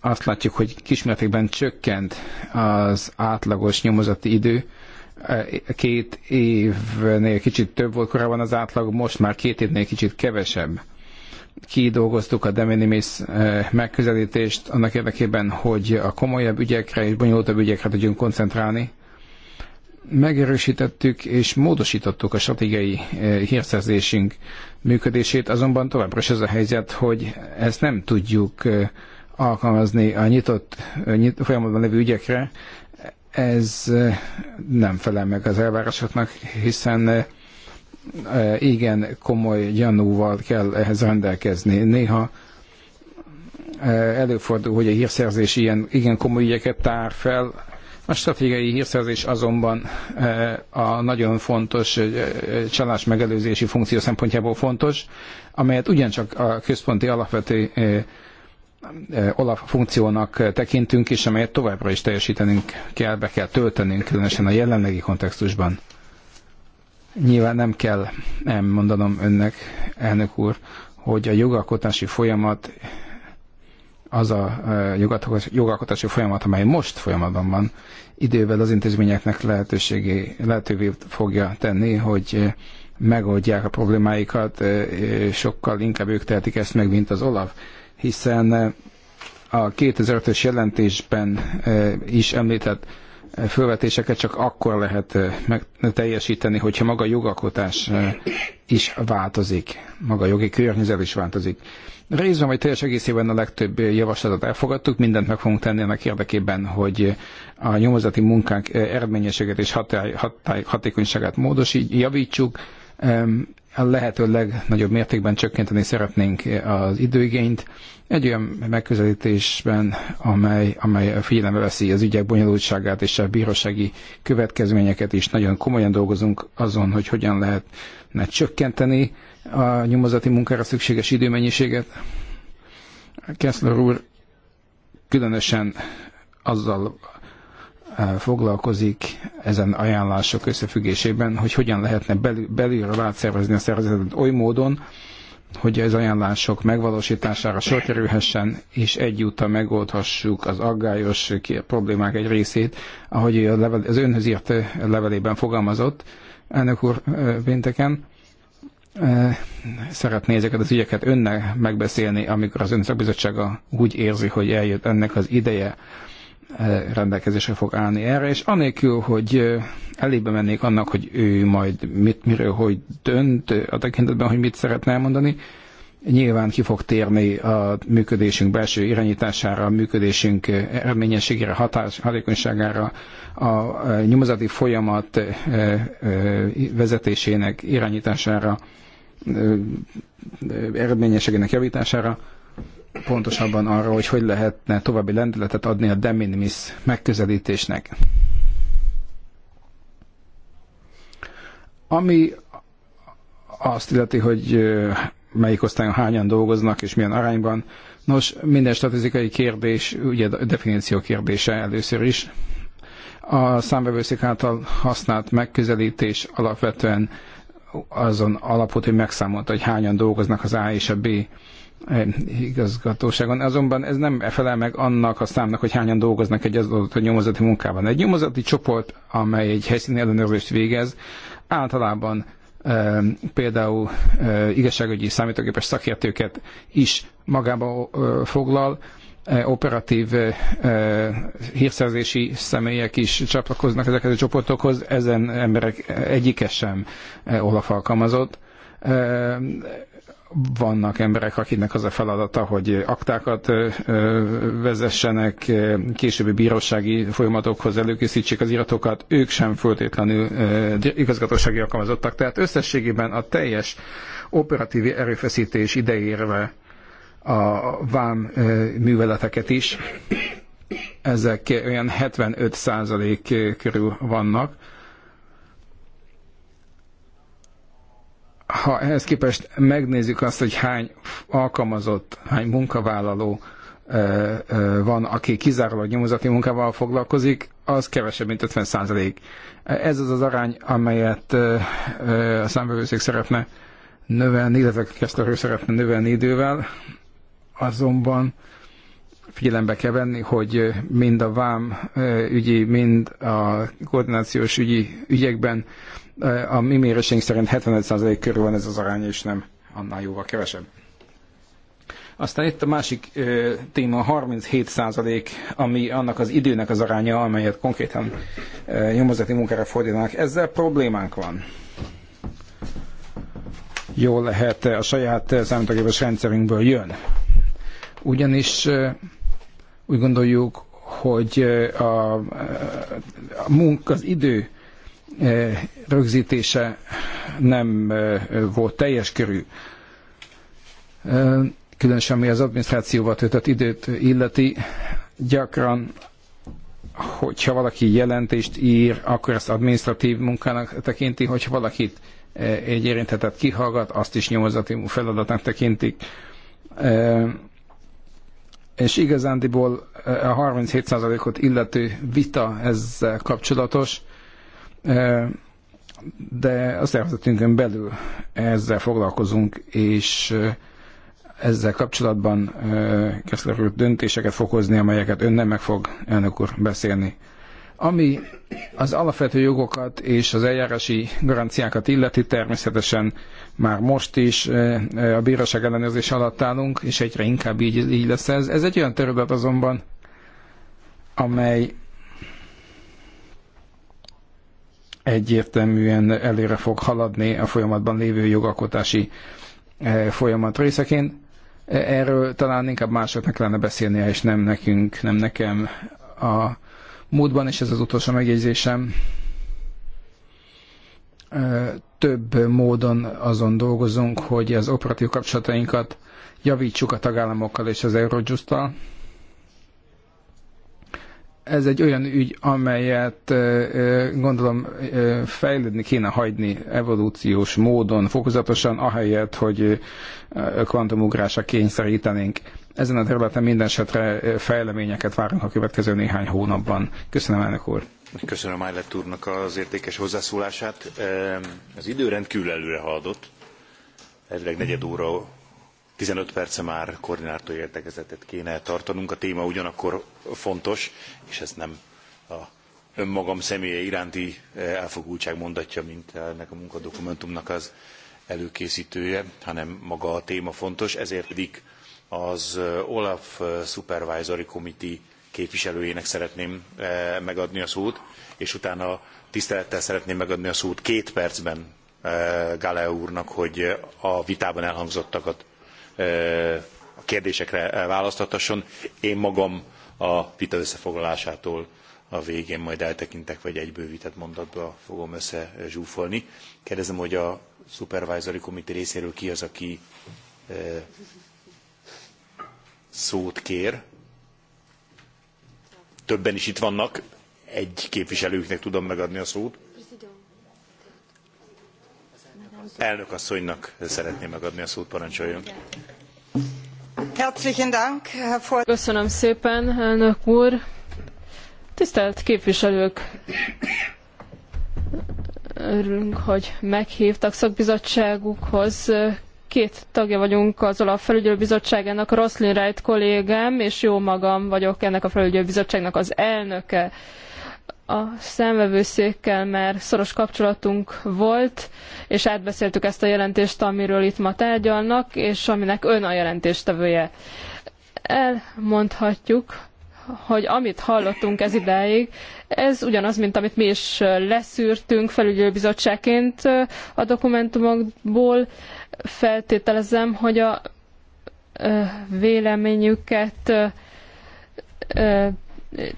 azt látjuk, hogy kismértékben csökkent az átlagos nyomozati idő, Eh, két évnél kicsit több volt korábban az átlag, most már két évnél kicsit kevesebb. Kidolgoztuk a de minimis eh, megközelítést annak érdekében, hogy a komolyabb ügyekre és bonyolultabb ügyekre tudjunk koncentrálni. Megerősítettük és módosítottuk a stratégiai eh, hírszerzésünk működését, azonban továbbra is az a helyzet, hogy ezt nem tudjuk alkalmazni a nyitott, nyit, folyamatban levő ügyekre, ez nem felel meg az elvárásoknak, hiszen igen komoly gyanúval kell ehhez rendelkezni. Néha előfordul, hogy a hírszerzés ilyen, igen komoly ügyeket tár fel. A stratégiai hírszerzés azonban a nagyon fontos csalás megelőzési funkció szempontjából fontos, amelyet ugyancsak a központi alapvető olaf funkciónak tekintünk, és amelyet továbbra is teljesítenünk kell, be kell töltenünk, különösen a jelenlegi kontextusban. Nyilván nem kell mondanom önnek, elnök úr, hogy a jogalkotási folyamat az a jogalkotási folyamat, amely most folyamatban van, idővel az intézményeknek lehetőségé, lehetővé fogja tenni, hogy megoldják a problémáikat, sokkal inkább ők tehetik ezt meg, mint az Olaf hiszen eh, a 2005-ös jelentésben eh, is említett eh, fölvetéseket csak akkor lehet meg teljesíteni, hogyha maga a jogalkotás is változik, maga a jogi környezet is változik. Részben vagy teljes egészében a legtöbb javaslatot elfogadtuk, mindent meg fogunk tenni ennek érdekében, hogy a nyomozati munkánk eredményességet és hatály, hatály, hatékonyságát módosítjuk, javítsuk, a lehető legnagyobb mértékben csökkenteni szeretnénk az időigényt egy olyan megközelítésben, amely, amely figyelembe veszi az ügyek bonyolultságát és a bírósági következményeket is. Nagyon komolyan dolgozunk azon, hogy hogyan lehetne csökkenteni a nyomozati munkára szükséges időmennyiséget. Kessler úr különösen azzal foglalkozik ezen ajánlások összefüggésében, hogy hogyan lehetne belül, belülről átszervezni a szervezetet oly módon, hogy az ajánlások megvalósítására sor kerülhessen, és egyúttal megoldhassuk az aggályos problémák egy részét, ahogy az önhöz írt levelében fogalmazott, elnök úr pénteken. Szeretné ezeket az ügyeket önnel megbeszélni, amikor az ön szakbizottsága úgy érzi, hogy eljött ennek az ideje rendelkezésre fog állni erre, és anélkül, hogy elébe mennék annak, hogy ő majd mit, miről, hogy dönt a tekintetben, hogy mit szeretne elmondani, nyilván ki fog térni a működésünk belső irányítására, a működésünk eredményességére, hatás, hatékonyságára, a nyomozati folyamat vezetésének irányítására, eredményességének javítására pontosabban arra, hogy hogy lehetne további lendületet adni a de minimis megközelítésnek. Ami azt illeti, hogy melyik osztályon hányan dolgoznak és milyen arányban. Nos, minden statisztikai kérdés, ugye definíció kérdése először is. A számvevőszék által használt megközelítés alapvetően azon alapot, hogy megszámolta, hogy hányan dolgoznak az A és a B Eh, igazgatóságon. Azonban ez nem felel meg annak a számnak, hogy hányan dolgoznak egy adott nyomozati munkában. Egy nyomozati csoport, amely egy helyszíni ellenőrzést végez, általában e, például e, igazságügyi számítógépes szakértőket is magába e, foglal, operatív hírszerzési személyek is csatlakoznak ezekhez a csoportokhoz, ezen emberek egyike sem Olaf alkalmazott vannak emberek, akiknek az a feladata, hogy aktákat vezessenek, későbbi bírósági folyamatokhoz előkészítsék az iratokat, ők sem föltétlenül igazgatósági alkalmazottak. Tehát összességében a teljes operatív erőfeszítés ideérve a vám műveleteket is, ezek olyan 75% körül vannak, ha ehhez képest megnézzük azt, hogy hány alkalmazott, hány munkavállaló van, aki kizárólag nyomozati munkával foglalkozik, az kevesebb, mint 50 százalék. Ez az az arány, amelyet a számbevőszék szeretne növelni, illetve a szeretne növelni idővel, azonban figyelembe kell venni, hogy mind a vám ügyi, mind a koordinációs ügyi ügyekben a mi méréseink szerint 75% körül van ez az arány, és nem annál jóval kevesebb. Aztán itt a másik ö, téma 37 százalék, ami annak az időnek az aránya, amelyet konkrétan ö, nyomozati munkára fordítanak. Ezzel problémánk van. Jól lehet a saját számítógépes rendszerünkből jön. Ugyanis ö, úgy gondoljuk, hogy a, a munka, az idő rögzítése nem volt teljes körű. Különösen ami az adminisztrációval töltött időt illeti, gyakran hogyha valaki jelentést ír, akkor ezt adminisztratív munkának tekinti, hogyha valakit egy érintetet kihallgat, azt is nyomozati feladatnak tekintik. És igazándiból eh, a 37%-ot illető vita ezzel kapcsolatos, eh, de a szervezetünkön belül ezzel foglalkozunk, és eh, ezzel kapcsolatban kezdve döntéseket fog hozni, amelyeket ön nem meg fog elnök úr beszélni. Ami az alapvető jogokat és az eljárási garanciákat illeti, természetesen már most is eh, eh, a bíróság ellenőrzés alatt állunk, és egyre inkább így, így lesz ez. Ez egy olyan terület azonban, amely egyértelműen előre fog haladni a folyamatban lévő jogalkotási eh, folyamat részeként. Erről talán inkább másoknak lenne beszélnie, és nem nekünk, nem nekem a múltban, és ez az utolsó megjegyzésem több módon azon dolgozunk, hogy az operatív kapcsolatainkat javítsuk a tagállamokkal és az eurojust -tal. Ez egy olyan ügy, amelyet gondolom fejlődni kéne hagyni evolúciós módon, fokozatosan, ahelyett, hogy kvantumugrásra kényszerítenénk. Ezen a területen minden esetre fejleményeket várunk a következő néhány hónapban. Köszönöm, elnök úr! Köszönöm Ájlett úrnak az értékes hozzászólását. Az idő rendkívül előre haladott. Elvileg negyed óra, 15 perce már koordinátori értekezetet kéne tartanunk. A téma ugyanakkor fontos, és ez nem a önmagam személye iránti eh, elfogultság mondatja, mint ennek a munkadokumentumnak az előkészítője, hanem maga a téma fontos, ezért pedig az eh, Olaf Supervisory Committee képviselőjének szeretném eh, megadni a szót, és utána tisztelettel szeretném megadni a szót két percben eh, Galea úrnak, hogy a vitában elhangzottakat eh, a kérdésekre választhatasson. Én magam a vita összefoglalásától a végén majd eltekintek, vagy egy bővített mondatba fogom összezsúfolni. Kérdezem, hogy a Supervisory Committee részéről ki az, aki szót kér többen is itt vannak. Egy képviselőknek tudom megadni a szót. Elnök asszonynak szeretném megadni a szót, parancsoljon. Köszönöm szépen, elnök úr. Tisztelt képviselők! Örülünk, hogy meghívtak szakbizottságukhoz Két tagja vagyunk az Olaf Felügyelőbizottságának, Roslin Wright kollégám, és jó magam vagyok ennek a Felügyelőbizottságnak az elnöke. A szemvevőszékkel már szoros kapcsolatunk volt, és átbeszéltük ezt a jelentést, amiről itt ma tárgyalnak, és aminek ön a jelentéstevője. Elmondhatjuk, hogy amit hallottunk ez idáig, ez ugyanaz, mint amit mi is leszűrtünk felügyelőbizottságként a dokumentumokból, feltételezem, hogy a véleményüket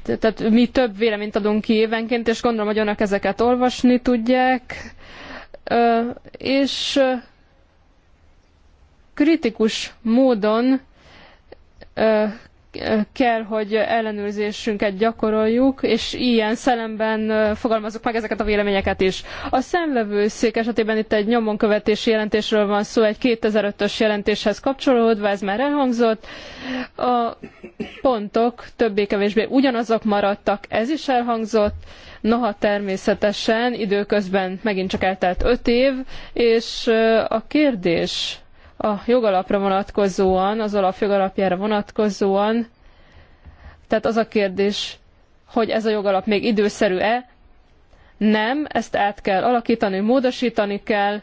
tehát mi több véleményt adunk ki évenként, és gondolom, hogy önök ezeket olvasni tudják, és kritikus módon kell, hogy ellenőrzésünket gyakoroljuk, és ilyen szellemben fogalmazok meg ezeket a véleményeket is. A szemvevőszék esetében itt egy nyomonkövetési jelentésről van szó, egy 2005-ös jelentéshez kapcsolódva, ez már elhangzott. A pontok többé-kevésbé ugyanazok maradtak, ez is elhangzott. Noha természetesen időközben megint csak eltelt öt év, és a kérdés a jogalapra vonatkozóan, az alapjog alapjára vonatkozóan. Tehát az a kérdés, hogy ez a jogalap még időszerű-e? Nem, ezt át kell alakítani, módosítani kell,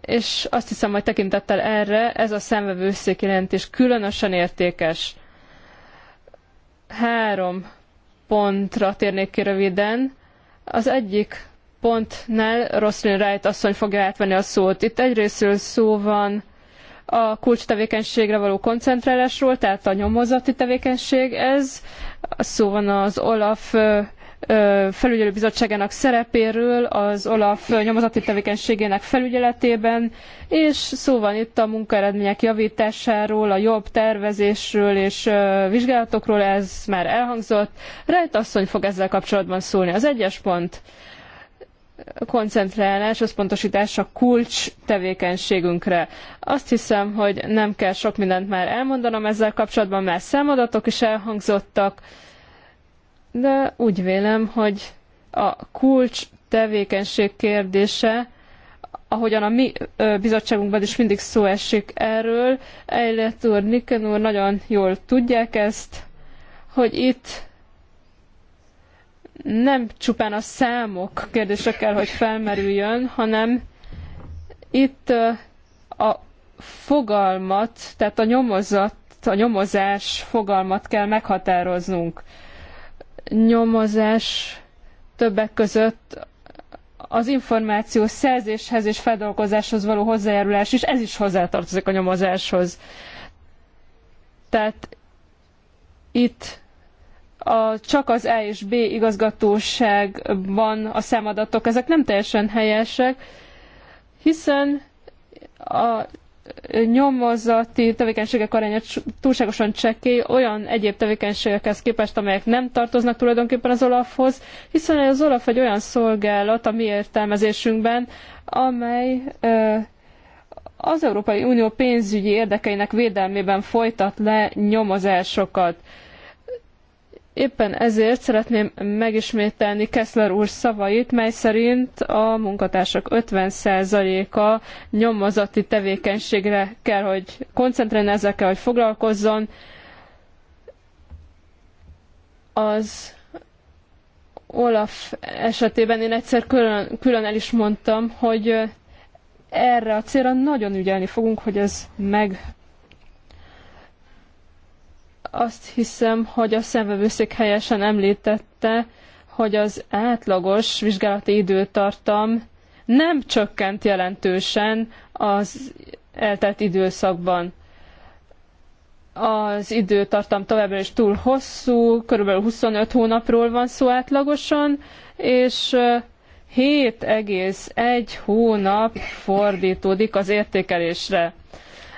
és azt hiszem, hogy tekintettel erre ez a szemvevőszék jelentés különösen értékes. Három pontra térnék ki röviden. Az egyik pontnál Roslyn Wright asszony fogja átvenni a szót. Itt egyrésztről szó van a kulcstevékenységre való koncentrálásról, tehát a nyomozati tevékenység ez. Szó van az OLAF bizottságának szerepéről, az OLAF nyomozati tevékenységének felügyeletében, és szó van itt a munkaeredmények javításáról, a jobb tervezésről és vizsgálatokról, ez már elhangzott. Rejt asszony fog ezzel kapcsolatban szólni. Az egyes pont koncentrálás, összpontosítás a kulcs tevékenységünkre. Azt hiszem, hogy nem kell sok mindent már elmondanom ezzel kapcsolatban, mert számadatok is elhangzottak, de úgy vélem, hogy a kulcs tevékenység kérdése, ahogyan a mi bizottságunkban is mindig szó esik erről, Eilert úr, Niken úr nagyon jól tudják ezt, hogy itt nem csupán a számok kérdése kell, hogy felmerüljön, hanem itt a fogalmat, tehát a nyomozat, a nyomozás fogalmat kell meghatároznunk. Nyomozás többek között az információ szerzéshez és feldolgozáshoz való hozzájárulás is, ez is hozzátartozik a nyomozáshoz. Tehát itt a, csak az E és B igazgatóságban a számadatok, ezek nem teljesen helyesek, hiszen a nyomozati tevékenységek aránya túlságosan csekély olyan egyéb tevékenységekhez képest, amelyek nem tartoznak tulajdonképpen az Olafhoz, hiszen az Olaf egy olyan szolgálat a mi értelmezésünkben, amely az Európai Unió pénzügyi érdekeinek védelmében folytat le nyomozásokat. Éppen ezért szeretném megismételni Kessler úr szavait, mely szerint a munkatársak 50%-a nyomozati tevékenységre kell, hogy koncentrálni ezzel kell, hogy foglalkozzon. Az Olaf esetében én egyszer külön, külön el is mondtam, hogy erre a célra nagyon ügyelni fogunk, hogy ez meg azt hiszem, hogy a szemvevőszék helyesen említette, hogy az átlagos vizsgálati időtartam nem csökkent jelentősen az eltelt időszakban. Az időtartam továbbra is túl hosszú, körülbelül 25 hónapról van szó átlagosan, és 7,1 hónap fordítódik az értékelésre.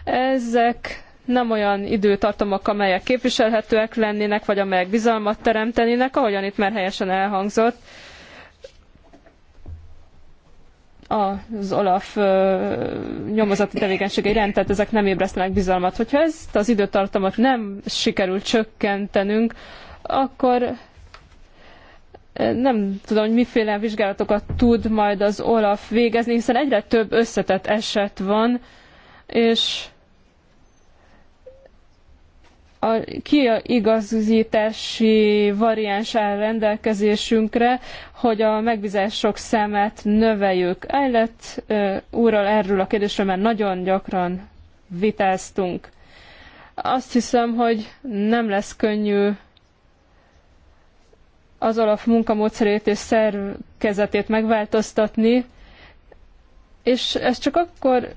Ezek nem olyan időtartamok, amelyek képviselhetőek lennének, vagy amelyek bizalmat teremtenének, ahogyan itt már helyesen elhangzott. Az Olaf nyomozati tevékenységei iránt, tehát ezek nem ébresztenek bizalmat. Hogyha ezt az időtartamot nem sikerül csökkentenünk, akkor nem tudom, hogy miféle vizsgálatokat tud majd az Olaf végezni, hiszen egyre több összetett eset van, és a kiigazítási variáns áll rendelkezésünkre, hogy a megbízások számát növeljük. Eilett úrral erről a kérdésről már nagyon gyakran vitáztunk. Azt hiszem, hogy nem lesz könnyű az alap munkamódszerét és szerkezetét megváltoztatni, és ez csak akkor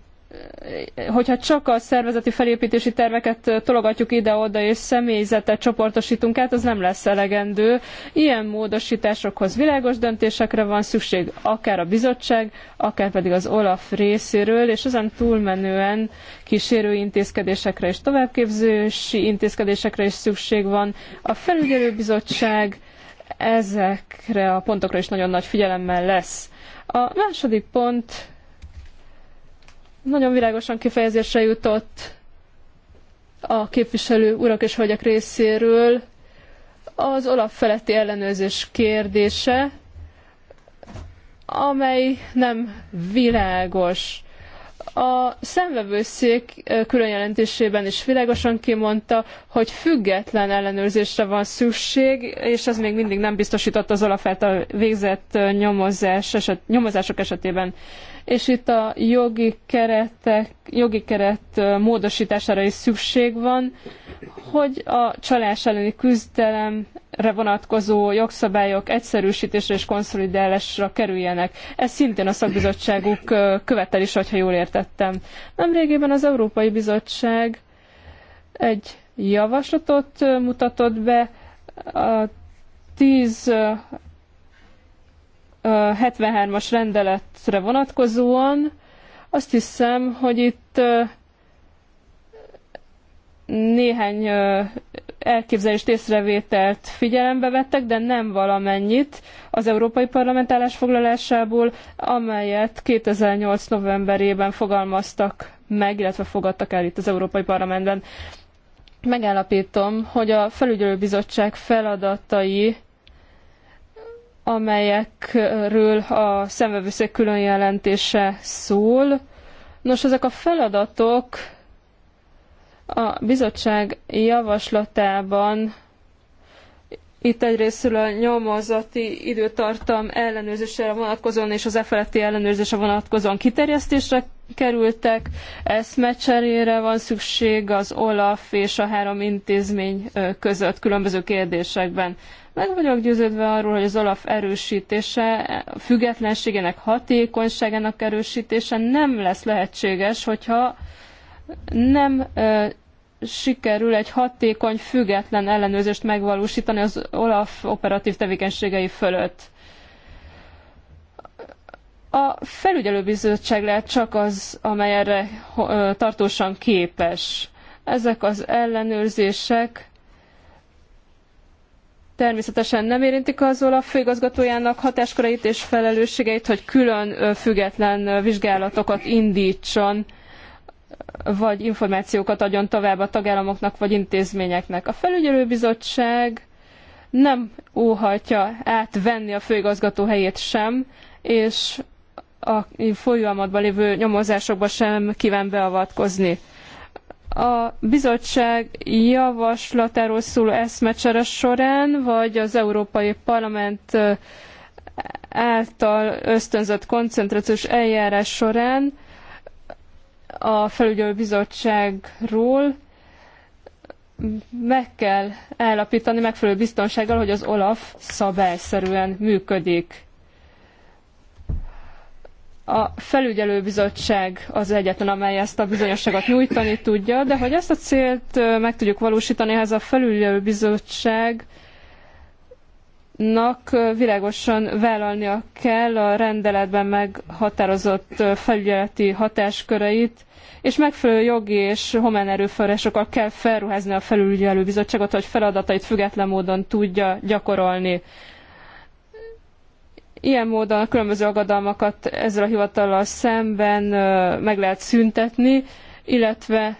hogyha csak a szervezeti felépítési terveket tologatjuk ide-oda és személyzetet csoportosítunk át, az nem lesz elegendő. Ilyen módosításokhoz világos döntésekre van szükség, akár a bizottság, akár pedig az OLAF részéről, és ezen túlmenően kísérő intézkedésekre és továbbképzési intézkedésekre is szükség van. A felügyelőbizottság ezekre a pontokra is nagyon nagy figyelemmel lesz. A második pont nagyon világosan kifejezésre jutott a képviselő urak és hölgyek részéről az olaf feletti ellenőrzés kérdése, amely nem világos. A szemvevőszék különjelentésében is világosan kimondta, hogy független ellenőrzésre van szükség, és ez még mindig nem biztosított az olaf a végzett nyomozás eset, nyomozások esetében és itt a jogi, keretek, jogi keret módosítására is szükség van, hogy a csalás elleni küzdelemre vonatkozó jogszabályok egyszerűsítésre és konszolidálásra kerüljenek. Ez szintén a szakbizottságuk követelés, hogyha jól értettem. Nemrégében az Európai Bizottság egy javaslatot mutatott be a tíz 73-as rendeletre vonatkozóan. Azt hiszem, hogy itt néhány elképzelést, észrevételt figyelembe vettek, de nem valamennyit az Európai Parlament állásfoglalásából, amelyet 2008. novemberében fogalmaztak meg, illetve fogadtak el itt az Európai Parlamentben. Megállapítom, hogy a felügyelőbizottság feladatai amelyekről a szemvevőszék külön jelentése szól. Nos, ezek a feladatok a bizottság javaslatában itt egyrésztről a nyomozati időtartam ellenőrzésére vonatkozóan és az e feletti ellenőrzésre vonatkozóan kiterjesztésre kerültek, eszmecserére van szükség az OLAF és a három intézmény között különböző kérdésekben. Meg vagyok győződve arról, hogy az Olaf erősítése, függetlenségének, hatékonyságának erősítése nem lesz lehetséges, hogyha nem sikerül egy hatékony, független ellenőrzést megvalósítani az OLAF operatív tevékenységei fölött. A felügyelőbizottság lehet csak az, amely erre tartósan képes. Ezek az ellenőrzések természetesen nem érintik az olaf főigazgatójának hatásköreit és felelősségeit, hogy külön független vizsgálatokat indítson, vagy információkat adjon tovább a tagállamoknak vagy intézményeknek. A felügyelőbizottság nem óhajtja átvenni a főigazgató helyét sem, és a folyamatban lévő nyomozásokba sem kíván beavatkozni a bizottság javaslatáról szóló eszmecsere során, vagy az Európai Parlament által ösztönzött koncentrációs eljárás során a felügyelő bizottságról meg kell állapítani megfelelő biztonsággal, hogy az OLAF szabályszerűen működik a felügyelőbizottság az egyetlen, amely ezt a bizonyosságot nyújtani tudja, de hogy ezt a célt meg tudjuk valósítani, ez a felügyelőbizottság nak világosan vállalnia kell a rendeletben meghatározott felügyeleti hatásköreit, és megfelelő jogi és humán erőforrásokkal kell felruházni a felügyelőbizottságot, hogy feladatait független módon tudja gyakorolni. Ilyen módon a különböző aggodalmakat ezzel a hivatallal szemben meg lehet szüntetni, illetve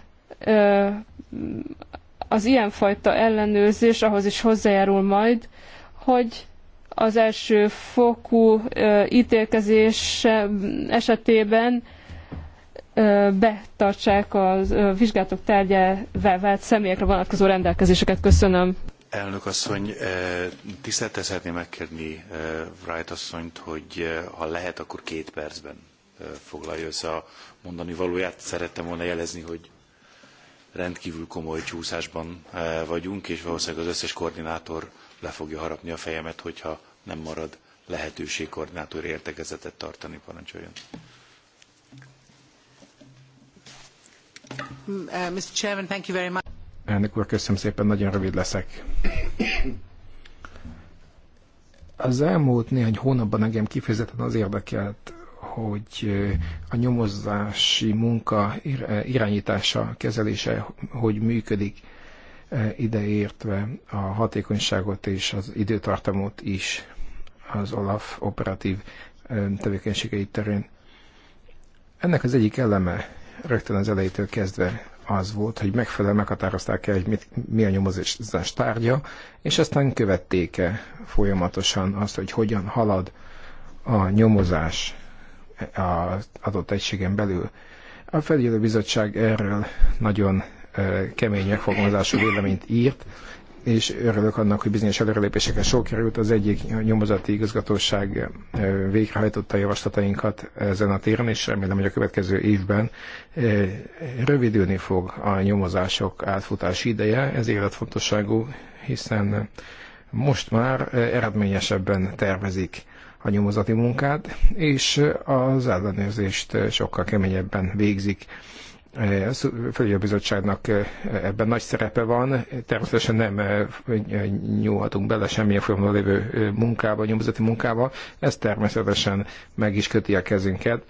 az ilyenfajta ellenőrzés ahhoz is hozzájárul majd, hogy az első fokú ítélkezés esetében betartsák a vizsgálatok tárgyává vált személyekre vonatkozó rendelkezéseket. Köszönöm. Elnök asszony, eh, tisztelettel szeretném megkérni eh, Wright asszonyt, hogy eh, ha lehet, akkor két percben foglalja össze a mondani valóját. Szerettem volna jelezni, hogy rendkívül komoly csúszásban vagyunk, és valószínűleg az összes koordinátor le fogja harapni a fejemet, hogyha nem marad lehetőség koordinátor értekezetet tartani. Parancsoljon! Uh, mm, Mr. Chairman, thank you very much. Elnök úr, köszönöm szépen, nagyon rövid leszek. Az elmúlt néhány hónapban engem kifejezetten az érdekelt, hogy a nyomozási munka irányítása, kezelése hogy működik, ideértve a hatékonyságot és az időtartamot is az OLAF operatív tevékenységei terén. Ennek az egyik eleme rögtön az elejétől kezdve az volt, hogy megfelelően meghatározták el, hogy mit, mi a nyomozás tárgya, és aztán követték-e folyamatosan azt, hogy hogyan halad a nyomozás az adott egységen belül. A felügyelőbizottság erről nagyon kemények fogalmazású véleményt írt, és örülök annak, hogy bizonyos előrelépéseket sok került. Az egyik nyomozati igazgatóság végrehajtotta javaslatainkat ezen a téren, és remélem, hogy a következő évben rövidülni fog a nyomozások átfutási ideje. Ez életfontosságú, hiszen most már eredményesebben tervezik a nyomozati munkát, és az ellenőrzést sokkal keményebben végzik E, bizottságnak e, ebben nagy szerepe van. Természetesen nem e, nyúlhatunk bele semmilyen folyamatban lévő munkába, nyomozati munkába. Ez természetesen meg is köti a kezünket.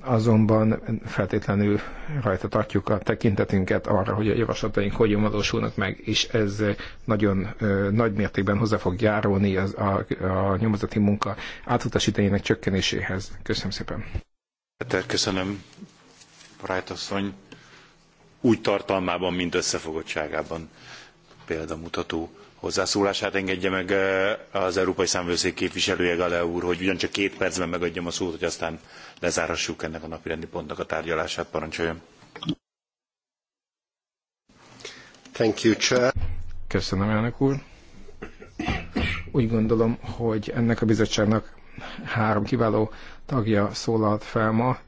Azonban feltétlenül rajta tartjuk a tekintetünket arra, hogy a javaslataink hogyan valósulnak meg, és ez nagyon nagy mértékben hozzá fog járulni az, a, a nyomozati munka átutasítájának csökkenéséhez. Köszönöm szépen! köszönöm Wright asszony úgy tartalmában, mint összefogottságában példamutató hozzászólását. Engedje meg eh, az Európai Számvőszék képviselője Gale úr, hogy ugyancsak két percben megadjam a szót, hogy aztán lezárhassuk ennek a napirendi pontnak a tárgyalását. Parancsoljon! Thank you, Chair. Köszönöm, elnök úr. Úgy gondolom, hogy ennek a bizottságnak három kiváló tagja szólalt fel ma,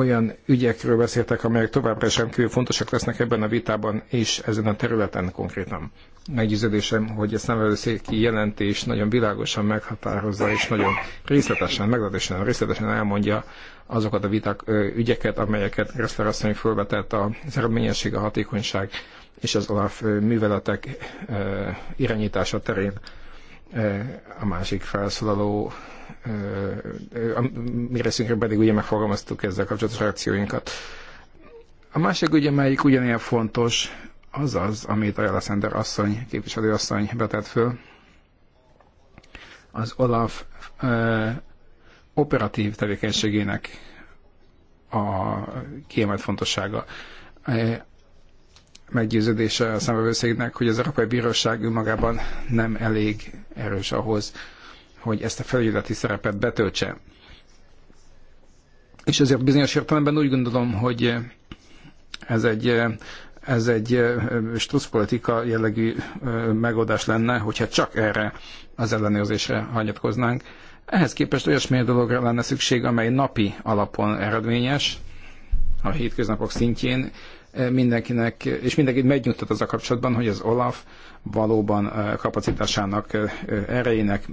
olyan ügyekről beszéltek, amelyek továbbra sem kívül fontosak lesznek ebben a vitában és ezen a területen konkrétan. Meggyőződésem, hogy ezt nevelőszéki jelentés nagyon világosan meghatározza és nagyon részletesen, meglehetősen részletesen elmondja azokat a viták, ügyeket, amelyeket Gressler asszony felvetett az eredményesség, a hatékonyság és az olaf műveletek irányítása terén a másik felszólaló mi részünkre pedig ugye megfogalmaztuk ezzel kapcsolatos reakcióinkat. A másik ugye, melyik ugyanilyen fontos, az az, amit a Szender asszony, asszony betett föl, az Olaf ö, operatív tevékenységének a kiemelt fontossága. Meggyőződése a számbevőszéknek, hogy az Európai Bíróság magában nem elég erős ahhoz, hogy ezt a felügyeleti szerepet betöltse. És ezért bizonyos értelemben úgy gondolom, hogy ez egy, ez egy struszpolitika jellegű megoldás lenne, hogyha csak erre az ellenőrzésre hagyatkoznánk. Ehhez képest olyasmi dologra lenne szükség, amely napi alapon eredményes, a hétköznapok szintjén mindenkinek, és mindenkit megnyugtat az a kapcsolatban, hogy az Olaf valóban kapacitásának, erejének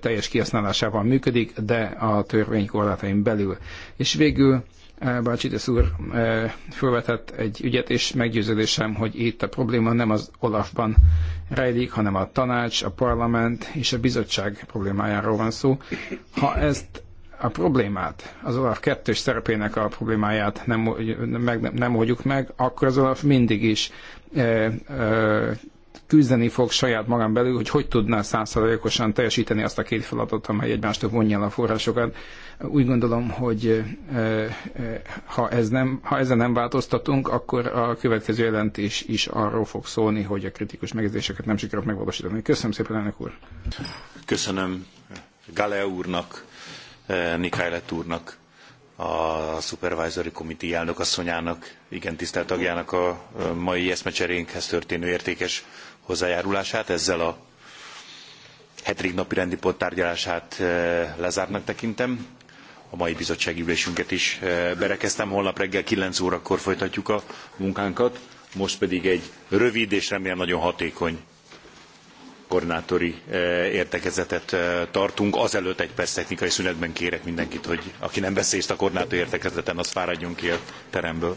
teljes kihasználásával működik, de a törvény korlátain belül. És végül Bácsides úr felvetett egy ügyet, és meggyőződésem, hogy itt a probléma nem az Olafban rejlik, hanem a tanács, a parlament és a bizottság problémájáról van szó. Ha ezt a problémát, az Olaf kettős szerepének a problémáját nem, meg, nem, nem oldjuk meg, akkor az Olaf mindig is e, e, küzdeni fog saját magán belül, hogy hogy tudná százszerzalékosan teljesíteni azt a két feladatot, amely egymástól vonja a forrásokat. Úgy gondolom, hogy ha, ez nem, ha ezen nem változtatunk, akkor a következő jelentés is arról fog szólni, hogy a kritikus megjegyzéseket nem sikerült megvalósítani. Köszönöm szépen, elnök úr! Köszönöm Gale úrnak, Nikájlet úrnak, a Supervisory Committee elnökasszonyának, igen tisztelt tagjának a mai eszmecserénkhez történő értékes hozzájárulását, ezzel a hetedik napi rendi pont tárgyalását eh, lezártnak tekintem. A mai bizottsági ülésünket is eh, berekeztem, holnap reggel 9 órakor folytatjuk a munkánkat, most pedig egy rövid és remélem nagyon hatékony koordinátori eh, értekezetet tartunk. Azelőtt egy perc technikai szünetben kérek mindenkit, hogy aki nem beszélt a koordinátori értekezeten, az fáradjon ki a teremből.